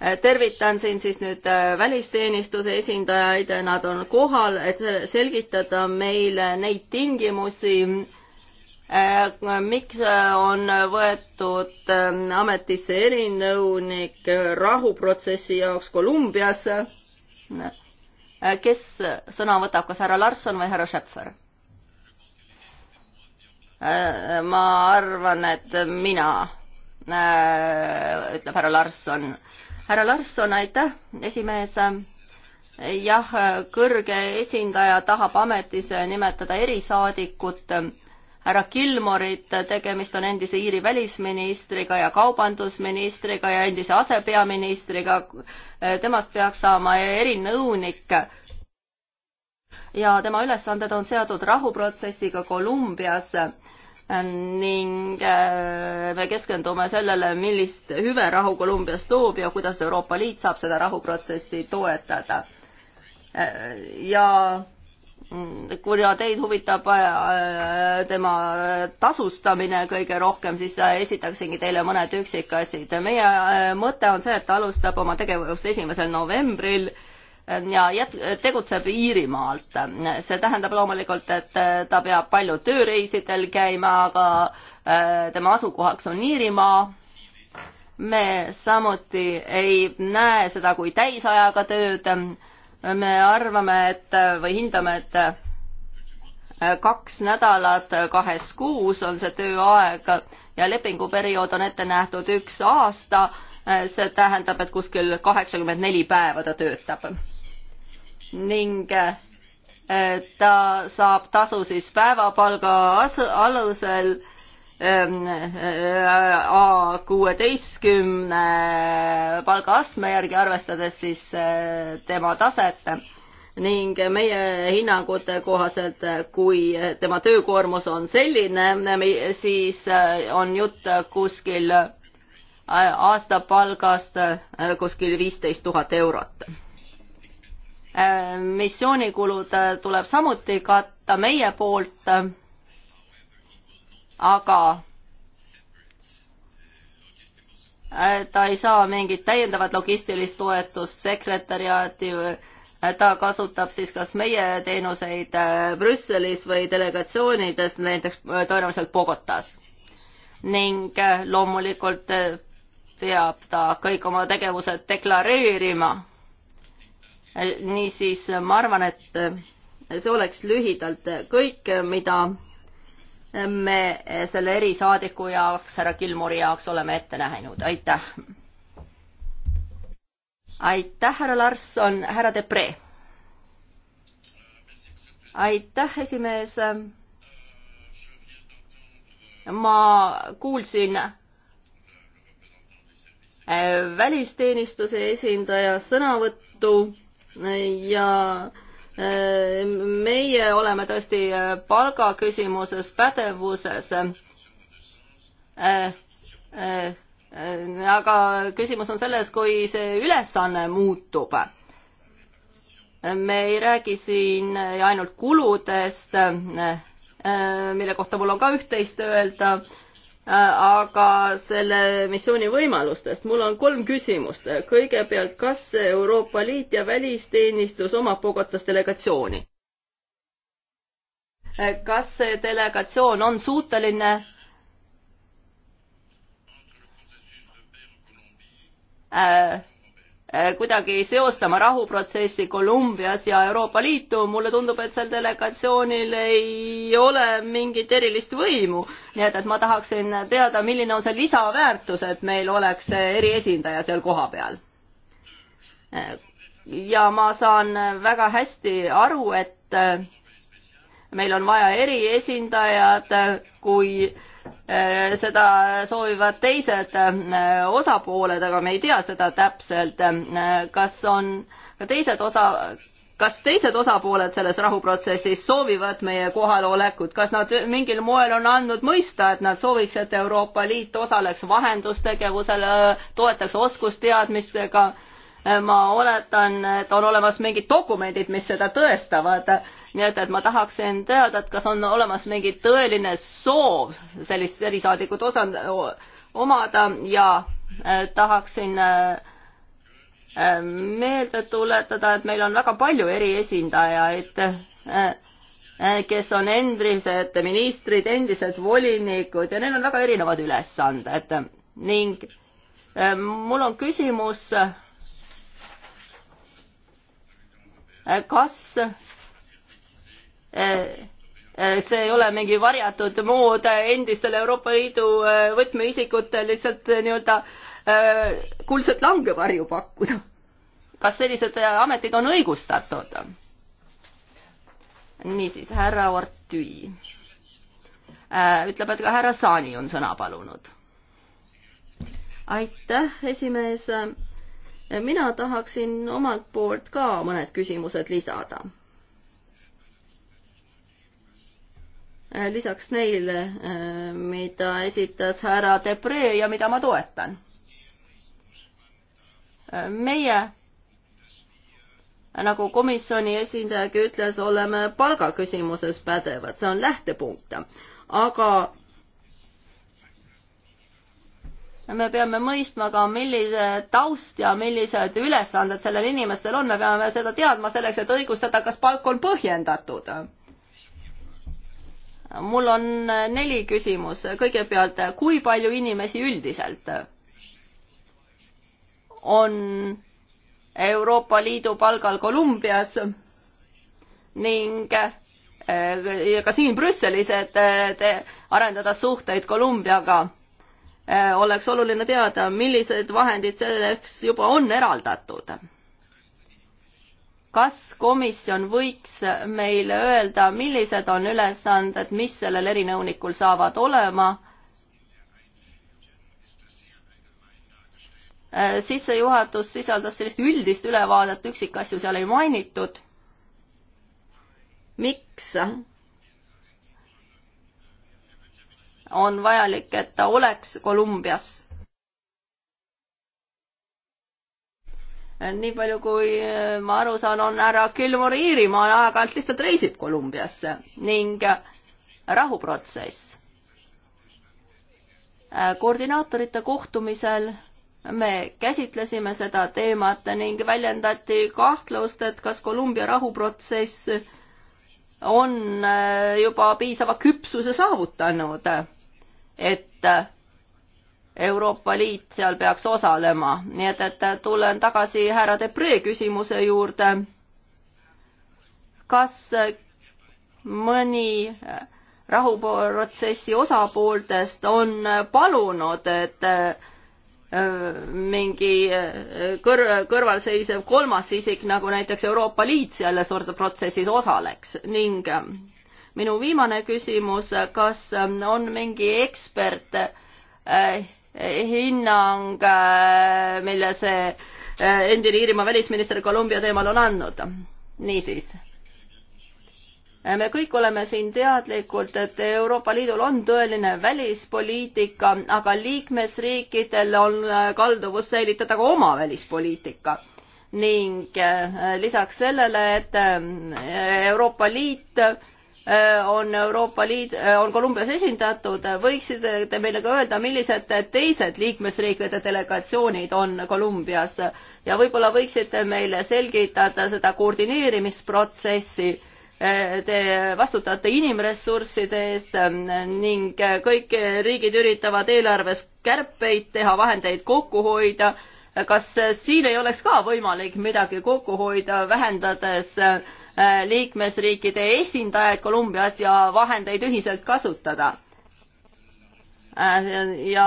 Äh, tervitan siin siis nüüd äh, välisteenistuse esindajaid, nad on kohal, et selgitada meile neid tingimusi, äh, miks on võetud ametisse erinõunik rahuprotsessi jaoks Kolumbias. kes sõna võtab, kas härra Larson või härra Schäpfer? ma arvan, et mina, ütleb härra Larson härra Larsson, aitäh, esimees. jah, kõrge esindaja tahab ametisse nimetada erisaadikut härra Kilmorit, tegemist on endise Iiri välisministriga ja kaubandusministriga ja endise asepeaministriga. temast peaks saama erinõunik. ja tema ülesanded on seotud rahuprotsessiga Kolumbias ning äh, me keskendume sellele, millist hüve rahu Kolumbias toob ja kuidas Euroopa Liit saab seda rahuprotsessi toetada. Äh, ja mm, kuna teid huvitab äh, tema tasustamine kõige rohkem, siis esitaksingi teile mõned üksikasjad. meie mõte on see, et ta alustab oma tegevust esimesel novembril ja jät-, tegutseb Iirimaalt. see tähendab loomulikult, et äh, ta peab palju tööreisidel käima, aga äh, tema asukohaks on Iirimaa. me samuti ei näe seda kui täisajaga tööd. me arvame, et äh, või hindame, et kaks nädalat kahes kuus on see tööaeg ja lepinguperiood on ette nähtud üks aasta. see tähendab, et kuskil kaheksakümmend neli päeva ta töötab ning äh, ta saab tasu siis päevapalga alusel ähm, äh, A kuueteistkümne palgaastme järgi, arvestades siis äh, tema taset ning meie hinnangute kohaselt, kui tema töökoormus on selline, siis on jutt kuskil aastapalgast kuskil viisteist tuhat eurot Äh, missioonikulud äh, tuleb samuti katta meie poolt, aga äh, ta ei saa mingit täiendavat logistilist toetust sekretäriaati, ta kasutab siis kas meie teenuseid Brüsselis või delegatsioonides, näiteks tõenäoliselt Bogotas. ning loomulikult peab ta kõik oma tegevused deklareerima Äh, niisiis äh, ma arvan, et äh, see oleks lühidalt kõik, mida me selle erisaadiku jaoks, härra Kilmuri jaoks oleme ette näinud, aitäh. aitäh, härra Larson, härra Depree. aitäh, esimees. ma kuulsin välisteenistuse esindaja sõnavõttu ja äh, meie oleme tõesti äh, palgaküsimuses pädevuses. Äh, aga küsimus on selles, kui see ülesanne muutub. me ei räägi siin ainult kuludest, mille kohta mul on ka üht-teist öelda aga selle missiooni võimalustest. mul on kolm küsimust. kõigepealt, kas Euroopa Liit ja välisteenistus omab Bogotas delegatsiooni? kas see delegatsioon on suuteline äh, Äh, kuidagi seostama rahuprotsessi Kolumbias ja Euroopa Liitu, mulle tundub, et sel delegatsioonil ei ole mingit erilist võimu. nii et, et ma tahaksin teada, milline on see lisaväärtus, et meil oleks eriesindaja seal kohapeal. Äh, ja ma saan väga hästi aru, et äh, meil on vaja eriesindajad, kui äh, Äh, seda soovivad teised äh, osapooled, aga me ei tea seda täpselt, äh, kas on ka teised osa, kas teised osapooled selles rahuprotsessis soovivad meie kohalolekut, kas nad mingil moel on andnud mõista, et nad sooviks, et Euroopa Liit osaleks vahendustegevusele, toetaks oskusteadmistega, ma oletan, et on olemas mingid dokumendid, mis seda tõestavad nii et, et ma tahaksin teada, et kas on olemas mingi tõeline soov sellist erisaadikut osa, omada ja äh, tahaksin äh, äh, meelde tuletada, et meil on väga palju eriesindajaid, kes on endised ministrid, endised volinikud ja neil on väga erinevad ülesanded ning mul on küsimus, kas Eh, eh, see ei ole mingi varjatud mood endistel Euroopa Liidu eh, võtmeisikutel lihtsalt nii-öelda kuldset langevarju pakkuda. kas sellised ametid on õigustatud? niisiis, härra Ortüi ütleb, et ka härra Saani on sõna palunud. aitäh, esimees. mina tahaksin omalt poolt ka mõned küsimused lisada Äh, lisaks neile, äh, mida esitas härra Debre ja mida ma toetan. Äh, meie, nagu komisjoni esindajagi ütles, oleme palgaküsimuses pädevad, see on lähtepunkt, aga me peame mõistma ka, millise taust ja millised ülesanded sellel inimestel on, me peame seda teadma selleks, et õigustada, kas palk on põhjendatud mul on äh, neli küsimus. kõigepealt, äh, kui palju inimesi üldiselt on Euroopa Liidu palgal Kolumbias ning äh, ka siin Brüsselis, et arendada suhteid Kolumbiaga, oleks oluline teada, millised vahendid selleks juba on eraldatud kas komisjon võiks meile öelda, millised on ülesanded, mis sellel erinõunikul saavad olema? Äh, sissejuhatus sisaldas sellist üldist ülevaadet, üksikasju seal ei mainitud. miks? on vajalik, et ta oleks Kolumbias nii palju, kui äh, ma aru saan, on härra Gilmore Iirimaal aeg-ajalt lihtsalt reisib Kolumbiasse ning äh, rahuprotsess. Äh, koordinaatorite kohtumisel me käsitlesime seda teemat ning väljendati kahtlust, et kas Kolumbia rahuprotsess on juba piisava küpsuse saavutanud, et Euroopa Liit seal peaks osalema, nii et, et tulen tagasi härra Depree küsimuse juurde. kas mõni rahuprotsessi osapooltest on palunud, et äh, mingi äh, kõr-, kõrvalseisev kolmas isik, nagu näiteks Euroopa Liit selles protsessis osaleks ning äh, minu viimane küsimus, kas on mingi ekspert hinnang, äh, mille see äh, endine Iirimaa välisminister Kolumbia teemal on andnud. niisiis, äh, me kõik oleme siin teadlikult, et Euroopa Liidul on tõeline välispoliitika, aga liikmesriikidel on kalduvus säilitada ka oma välispoliitika ning lisaks sellele, et Euroopa Liit Äh, on Euroopa Liit, äh, on Kolumbias esindatud, võiksite te meile ka öelda, millised teised liikmesriikide delegatsioonid on Kolumbias ja võib-olla võiksite meile selgitada seda koordineerimisprotsessi. Äh, te vastutate inimressursside eest ning kõik riigid üritavad eelarves kärpeid teha, vahendeid kokku hoida kas siin ei oleks ka võimalik midagi kokku hoida, vähendades äh, Äh, liikmesriikide esindajaid Kolumbias ja vahendeid ühiselt kasutada. Äh, ja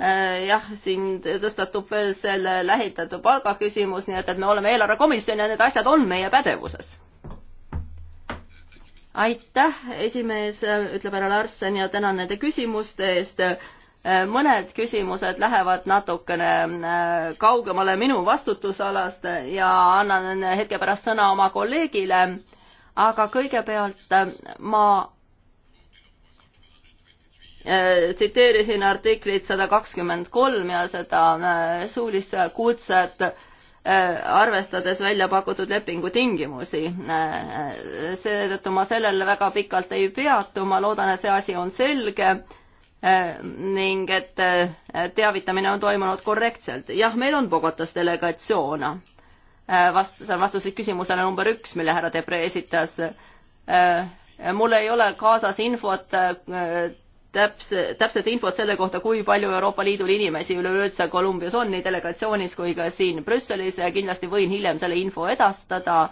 äh, jah, siin tõstatub veel selle lähitatud palga küsimus, nii et, et me oleme eelarvekomisjon ja need asjad on meie pädevuses. aitäh, esimees, ütleb härra Larsen ja tänan nende küsimuste eest Äh, mõned küsimused lähevad natukene äh, kaugemale minu vastutusalast ja annan hetke pärast sõna oma kolleegile. aga kõigepealt äh, ma tsiteerisin artiklit sada kakskümmend kolm ja seda suulist kutset arvestades välja pakutud lepingu tingimusi. seetõttu ma sellele väga pikalt ei peatu, ma loodan, et see asi on selge Äh, ning et äh, teavitamine on toimunud korrektselt. jah, meil on Bogotas delegatsioon. Äh, Vast-, see on vastuseks küsimusele number üks, mille härra Debre esitas. mul ei ole kaasas infot, täpse, täpset infot selle kohta, kui palju Euroopa Liidul inimesi üleüldse Kolumbias on, nii delegatsioonis kui ka siin Brüsselis ja kindlasti võin hiljem selle info edastada.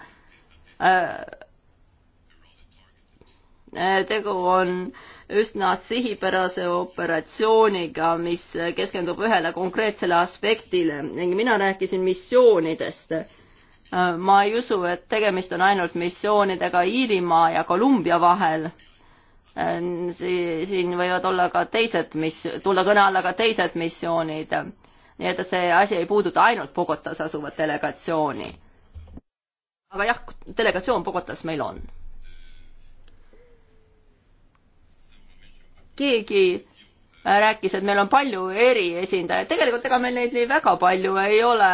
tegu on äh, üsna sihipärase operatsiooniga, mis keskendub ühele konkreetsele aspektile ning mina rääkisin missioonidest. ma ei usu, et tegemist on ainult missioonidega Iirimaa ja Kolumbia vahel. siin võivad olla ka teised, mis, tulla kõne alla ka teised missioonid. nii et see asi ei puuduta ainult Bogotas asuvat delegatsiooni. aga jah, delegatsioon Bogotas meil on keegi äh, rääkis, et meil on palju eriesindajaid, tegelikult ega meil neid nii väga palju ei ole.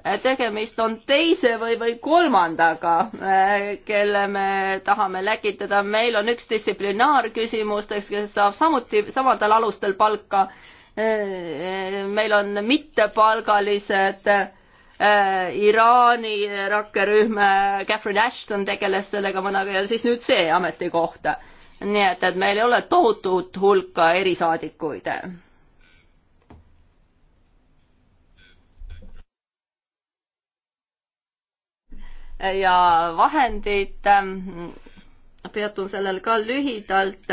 Äh, tegemist on teise või, või kolmandaga, äh, kelle me tahame läkitada, meil on üks distsiplinaarküsimusteks, kes saab samuti samadel alustel palka. meil on mittepalgalised Äh, Iraani rakkerühm, äh, Catherine Ashton tegeles sellega mõnega ja siis nüüd see ametikoht. nii et, et meil ei ole tohutut hulka erisaadikuid. ja vahendid, äh, peatun sellel ka lühidalt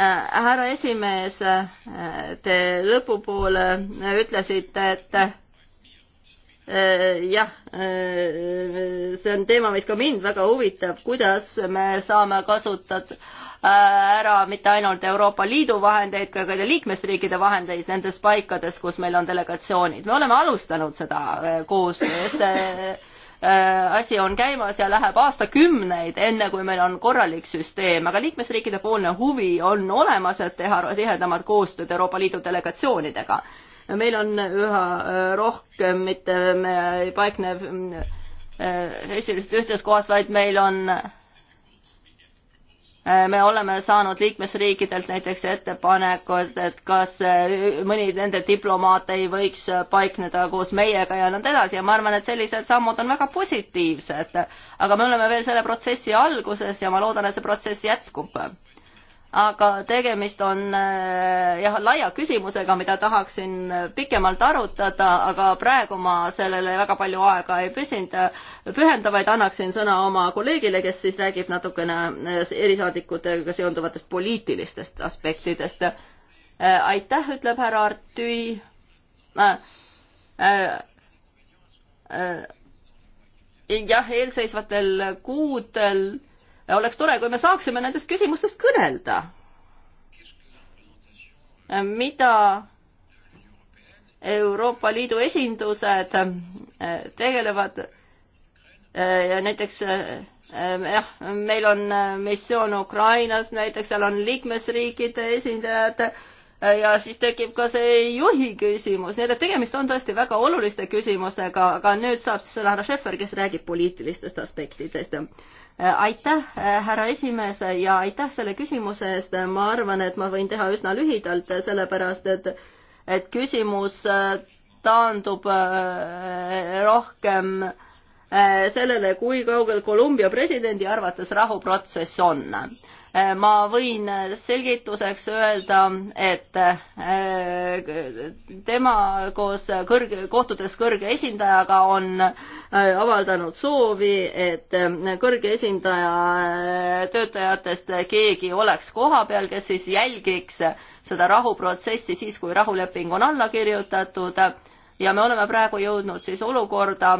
härra esimees, te lõpupoole ütlesite, et Äh, jah, äh, see on teema, mis ka mind väga huvitab, kuidas me saame kasutada äh, ära mitte ainult Euroopa Liidu vahendeid, ka liikmesriikide vahendeid nendes paikades, kus meil on delegatsioonid. me oleme alustanud seda koostööst. asi on käimas ja läheb aastakümneid, enne kui meil on korralik süsteem, aga liikmesriikide poolne huvi on olemas, et teha tihedamat koostööd Euroopa Liidu delegatsioonidega meil on üha äh, rohkem mitte me ei paikne äh, esimesest ühtes kohas, vaid meil on, äh, me oleme saanud liikmesriikidelt näiteks ettepanekud, et kas mõni nende diplomaat ei võiks paikneda koos meiega ja nõnda edasi ja ma arvan, et sellised sammud on väga positiivsed. aga me oleme veel selle protsessi alguses ja ma loodan, et see protsess jätkub aga tegemist on äh, jah, laia küsimusega, mida tahaksin pikemalt arutada, aga praegu ma sellele väga palju aega ei püsinud, pühenda, vaid annaksin sõna oma kolleegile, kes siis räägib natukene äh, erisaadikutega seonduvatest poliitilistest aspektidest. Äh, aitäh, ütleb härra Artüi. jah, eelseisvatel kuudel oleks tore, kui me saaksime nendest küsimustest kõnelda. mida Euroopa Liidu esindused eh, tegelevad eh, ja näiteks eh, jah, meil on missioon Ukrainas, näiteks seal on liikmesriikide esindajad ja siis tekib ka see juhi küsimus, nii et tegemist on tõesti väga oluliste küsimustega, aga nüüd saab siis sõna härra Schäfer, kes räägib poliitilistest aspektidest aitäh, härra esimees ja aitäh selle küsimuse eest, ma arvan, et ma võin teha üsna lühidalt, sellepärast et, et küsimus äh, taandub äh, rohkem äh, sellele, kui kaugel Kolumbia presidendi arvates rahuprotsess on Äh, ma võin selgituseks öelda, et äh, tema koos kõrge, kohtudes kõrge esindajaga on äh, avaldanud soovi, et kõrge esindaja töötajatest keegi oleks kohapeal, kes siis jälgiks seda rahuprotsessi siis, kui rahuleping on alla kirjutatud ja me oleme praegu jõudnud siis olukorda,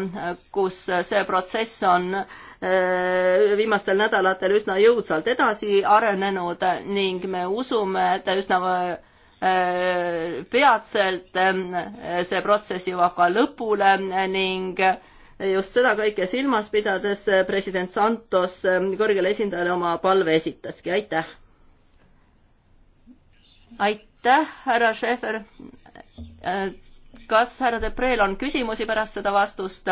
kus see protsess on äh, Äh, viimastel nädalatel üsna jõudsalt edasi arenenud ning me usume, et üsna äh, peatselt äh, see protsess jõuab ka lõpule ning just seda kõike silmas pidades president Santos kõrgele esindajale oma palve esitaski, aitäh. aitäh, härra Schäfer. kas härra Debreel on küsimusi pärast seda vastust?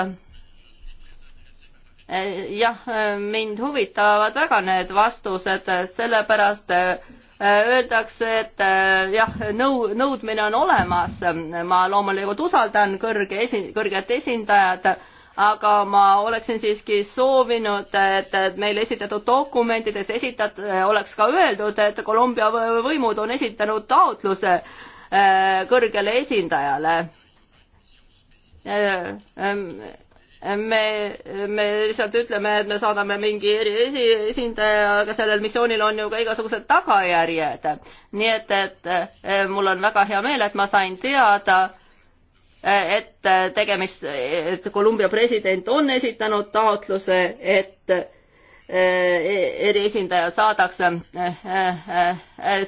Eh, jah, eh, mind huvitavad väga need vastused, eh, sellepärast öeldakse, et jah, nõu-, nõudmine on olemas, ma loomulikult usaldan kõrge esi-, kõrget esindajat, aga ma oleksin siiski soovinud, et, et meil esitatud dokumentides esitat-, oleks ka öeldud, et Kolumbia võimud on esitanud taotluse kõrgele esindajale ehm, me, me lihtsalt ütleme, et me saadame mingi esi, esindaja, aga sellel missioonil on ju ka igasugused tagajärjed. nii et, et eh, mul on väga hea meel, et ma sain teada, eh, et tegemist, et Kolumbia president on esitanud taotluse, et eh, eriesindaja saadakse.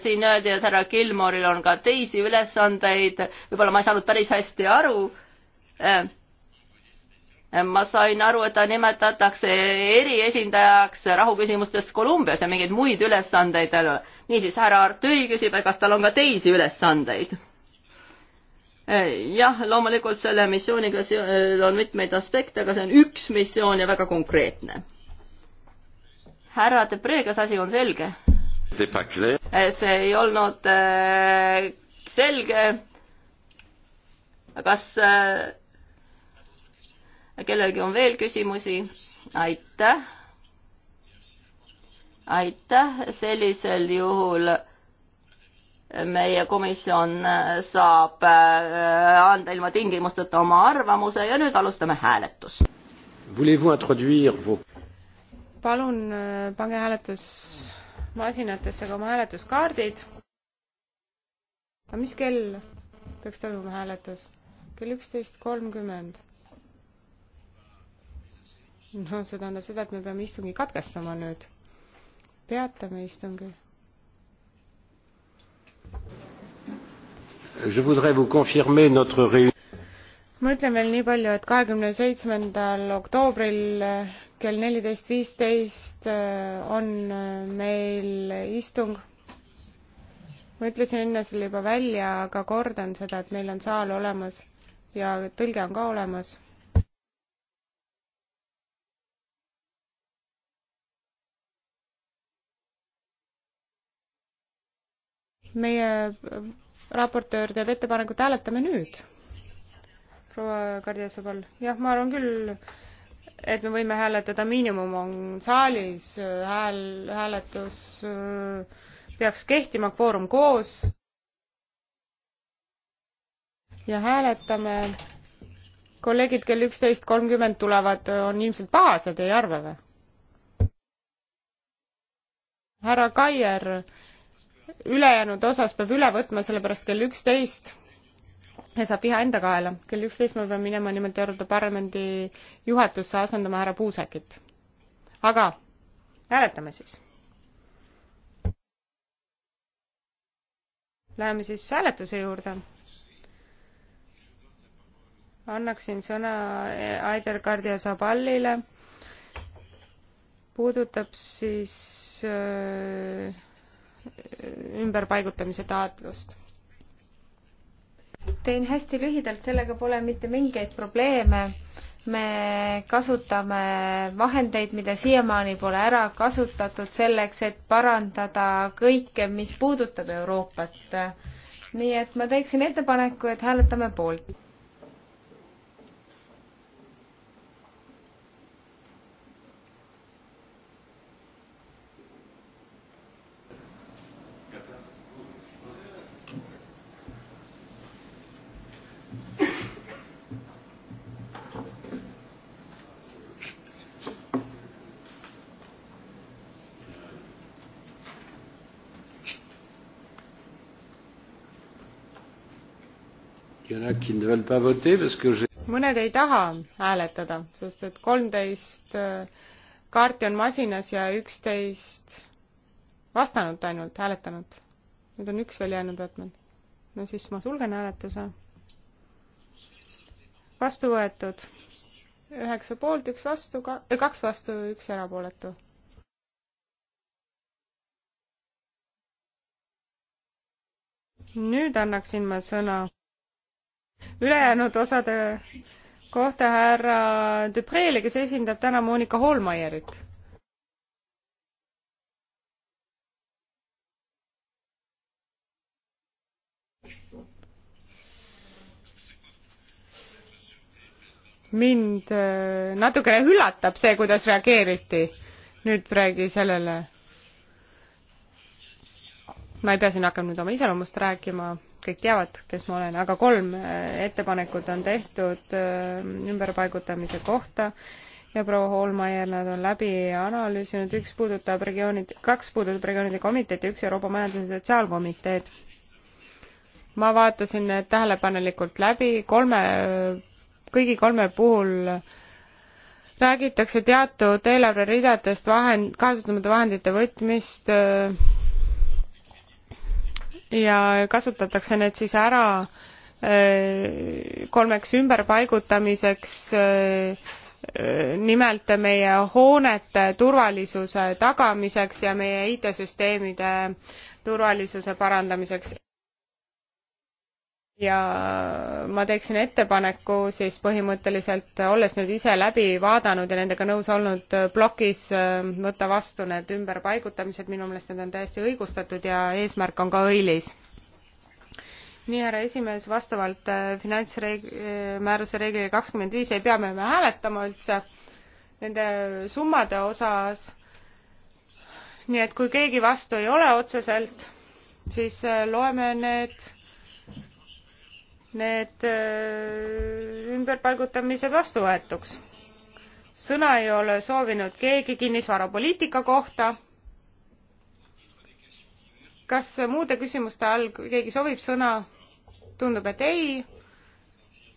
siin öeldi, et härra Gilmoril on ka teisi ülesandeid, võib-olla ma ei saanud päris hästi aru ma sain aru, et ta nimetatakse eriesindajaks rahuküsimustes Kolumbias ja mingeid muid ülesandeid tal ei ole. niisiis, härra Artüi küsib, et kas tal on ka teisi ülesandeid? jah, loomulikult selle missiooniga äh, on mitmeid aspekte, aga see on üks missioon ja väga konkreetne. härra Debre, kas asi on selge? Äh, see ei olnud äh, selge. kas kellelgi on veel küsimusi? aitäh. aitäh, sellisel juhul meie komisjon saab äh, anda ilma tingimusteta oma arvamuse ja nüüd alustame hääletust. palun äh, pange hääletusmasinatesse ka oma hääletuskaardid. aga mis kell peaks toimuma hääletus? kell üksteist kolmkümmend no see tähendab seda, et me peame istungi katkestama nüüd. peatame istungi. Je voudrais vous confirmer notre réunion ma ütlen veel nii palju, et kahekümne seitsmendal oktoobril kell neliteist viisteist äh, on äh, meil istung. ma ütlesin enne selle juba välja, aga kordan seda, et meil on saal olemas ja tõlge on ka olemas meie äh, raportöör teeb ettepaneku, et hääletame nüüd. proua Kardiasõbal, jah, ma arvan küll, et me võime hääletada, miinimum on saalis, hääl, hääletus äh, peaks kehtima, kvoorum koos. ja hääletame. kolleegid kell üksteist kolmkümmend tulevad, äh, on ilmselt pahased, ei arva või? härra Kaier ülejäänud osas peab üle võtma, sellepärast kell üksteist saab iha enda kaela. kell üksteist ma pean minema nimelt Euroopa Parlamendi juhatusse asendama härra Puusekit. aga hääletame siis. Läheme siis hääletuse juurde. annaksin sõna Aider Kardia Zaballile. puudutab siis äh, ümberpaigutamise taotlust. teen hästi lühidalt, sellega pole mitte mingeid probleeme. me kasutame vahendeid, mida siiamaani pole ära kasutatud selleks, et parandada kõike, mis puudutab Euroopat. nii et ma teeksin ettepaneku, et hääletame poolt mõned ei taha hääletada, sest et kolmteist äh, kaarti on masinas ja üksteist vastanut ainult, hääletanut. nüüd on üks veel jäänud võtmine. no siis ma sulgen hääletuse. vastu võetud. üheksa poolt, üks vastu, äh, kaks vastu, üks erapooletu nüüd annaksin ma sõna ülejäänud osade kohta härra Dupreele, kes esindab täna Monika Holmeierit. mind äh, natukene üllatab see, kuidas reageeriti nüüd praegu sellele. ma ei pea siin hakkama nüüd oma iseloomust rääkima kõik teavad, kes ma olen, aga kolm äh, ettepanekut on tehtud äh, ümberpaigutamise kohta ja proua Hoolmaier nad on läbi analüüsinud, üks puudutab regioonid, kaks puudutab regioonide komiteed ja üks Euroopa Majandus- ja Sotsiaalkomiteed. ma vaatasin need tähelepanelikult läbi, kolme, kõigi kolme puhul räägitakse teatud eelarveridadest vahend, kasutamata vahendite võtmist öö, äh, ja kasutatakse need siis ära äh, kolmeks ümberpaigutamiseks äh, äh, nimelt meie hoonete turvalisuse tagamiseks ja meie IT süsteemide turvalisuse parandamiseks ja ma teeksin ettepaneku siis põhimõtteliselt, olles nüüd ise läbi vaadanud ja nendega nõus olnud, plokis äh, võtta vastu need ümberpaigutamised, minu meelest need on täiesti õigustatud ja eesmärk on ka õilis. nii, härra esimees, vastavalt äh, finantsmääruse äh, reeglile kakskümmend viis ei pea me hääletama üldse nende summade osas, nii et kui keegi vastu ei ole otseselt, siis loeme need need äh, ümberpaigutamised vastuvõetuks. sõna ei ole soovinud keegi kinnisvarapoliitika kohta. kas muude küsimuste all keegi soovib sõna? tundub, et ei.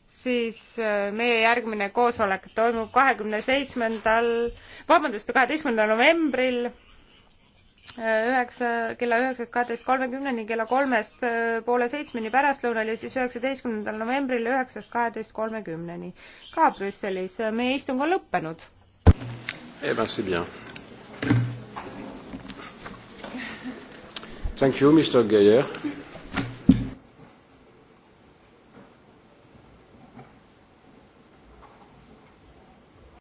siis äh, meie järgmine koosolek toimub kahekümne seitsmendal, vabandust, kaheteistkümnendal novembril üheksa, kella üheksast kaheteist kolmekümneni, kella kolmest äh, poole seitsmeni pärastlõunal ja siis üheksateistkümnendal novembril üheksast kaheteist kolmekümneni ka Brüsselis. meie istung on lõppenud. Eh ben c'est bien. Thank you, Mr Geyer.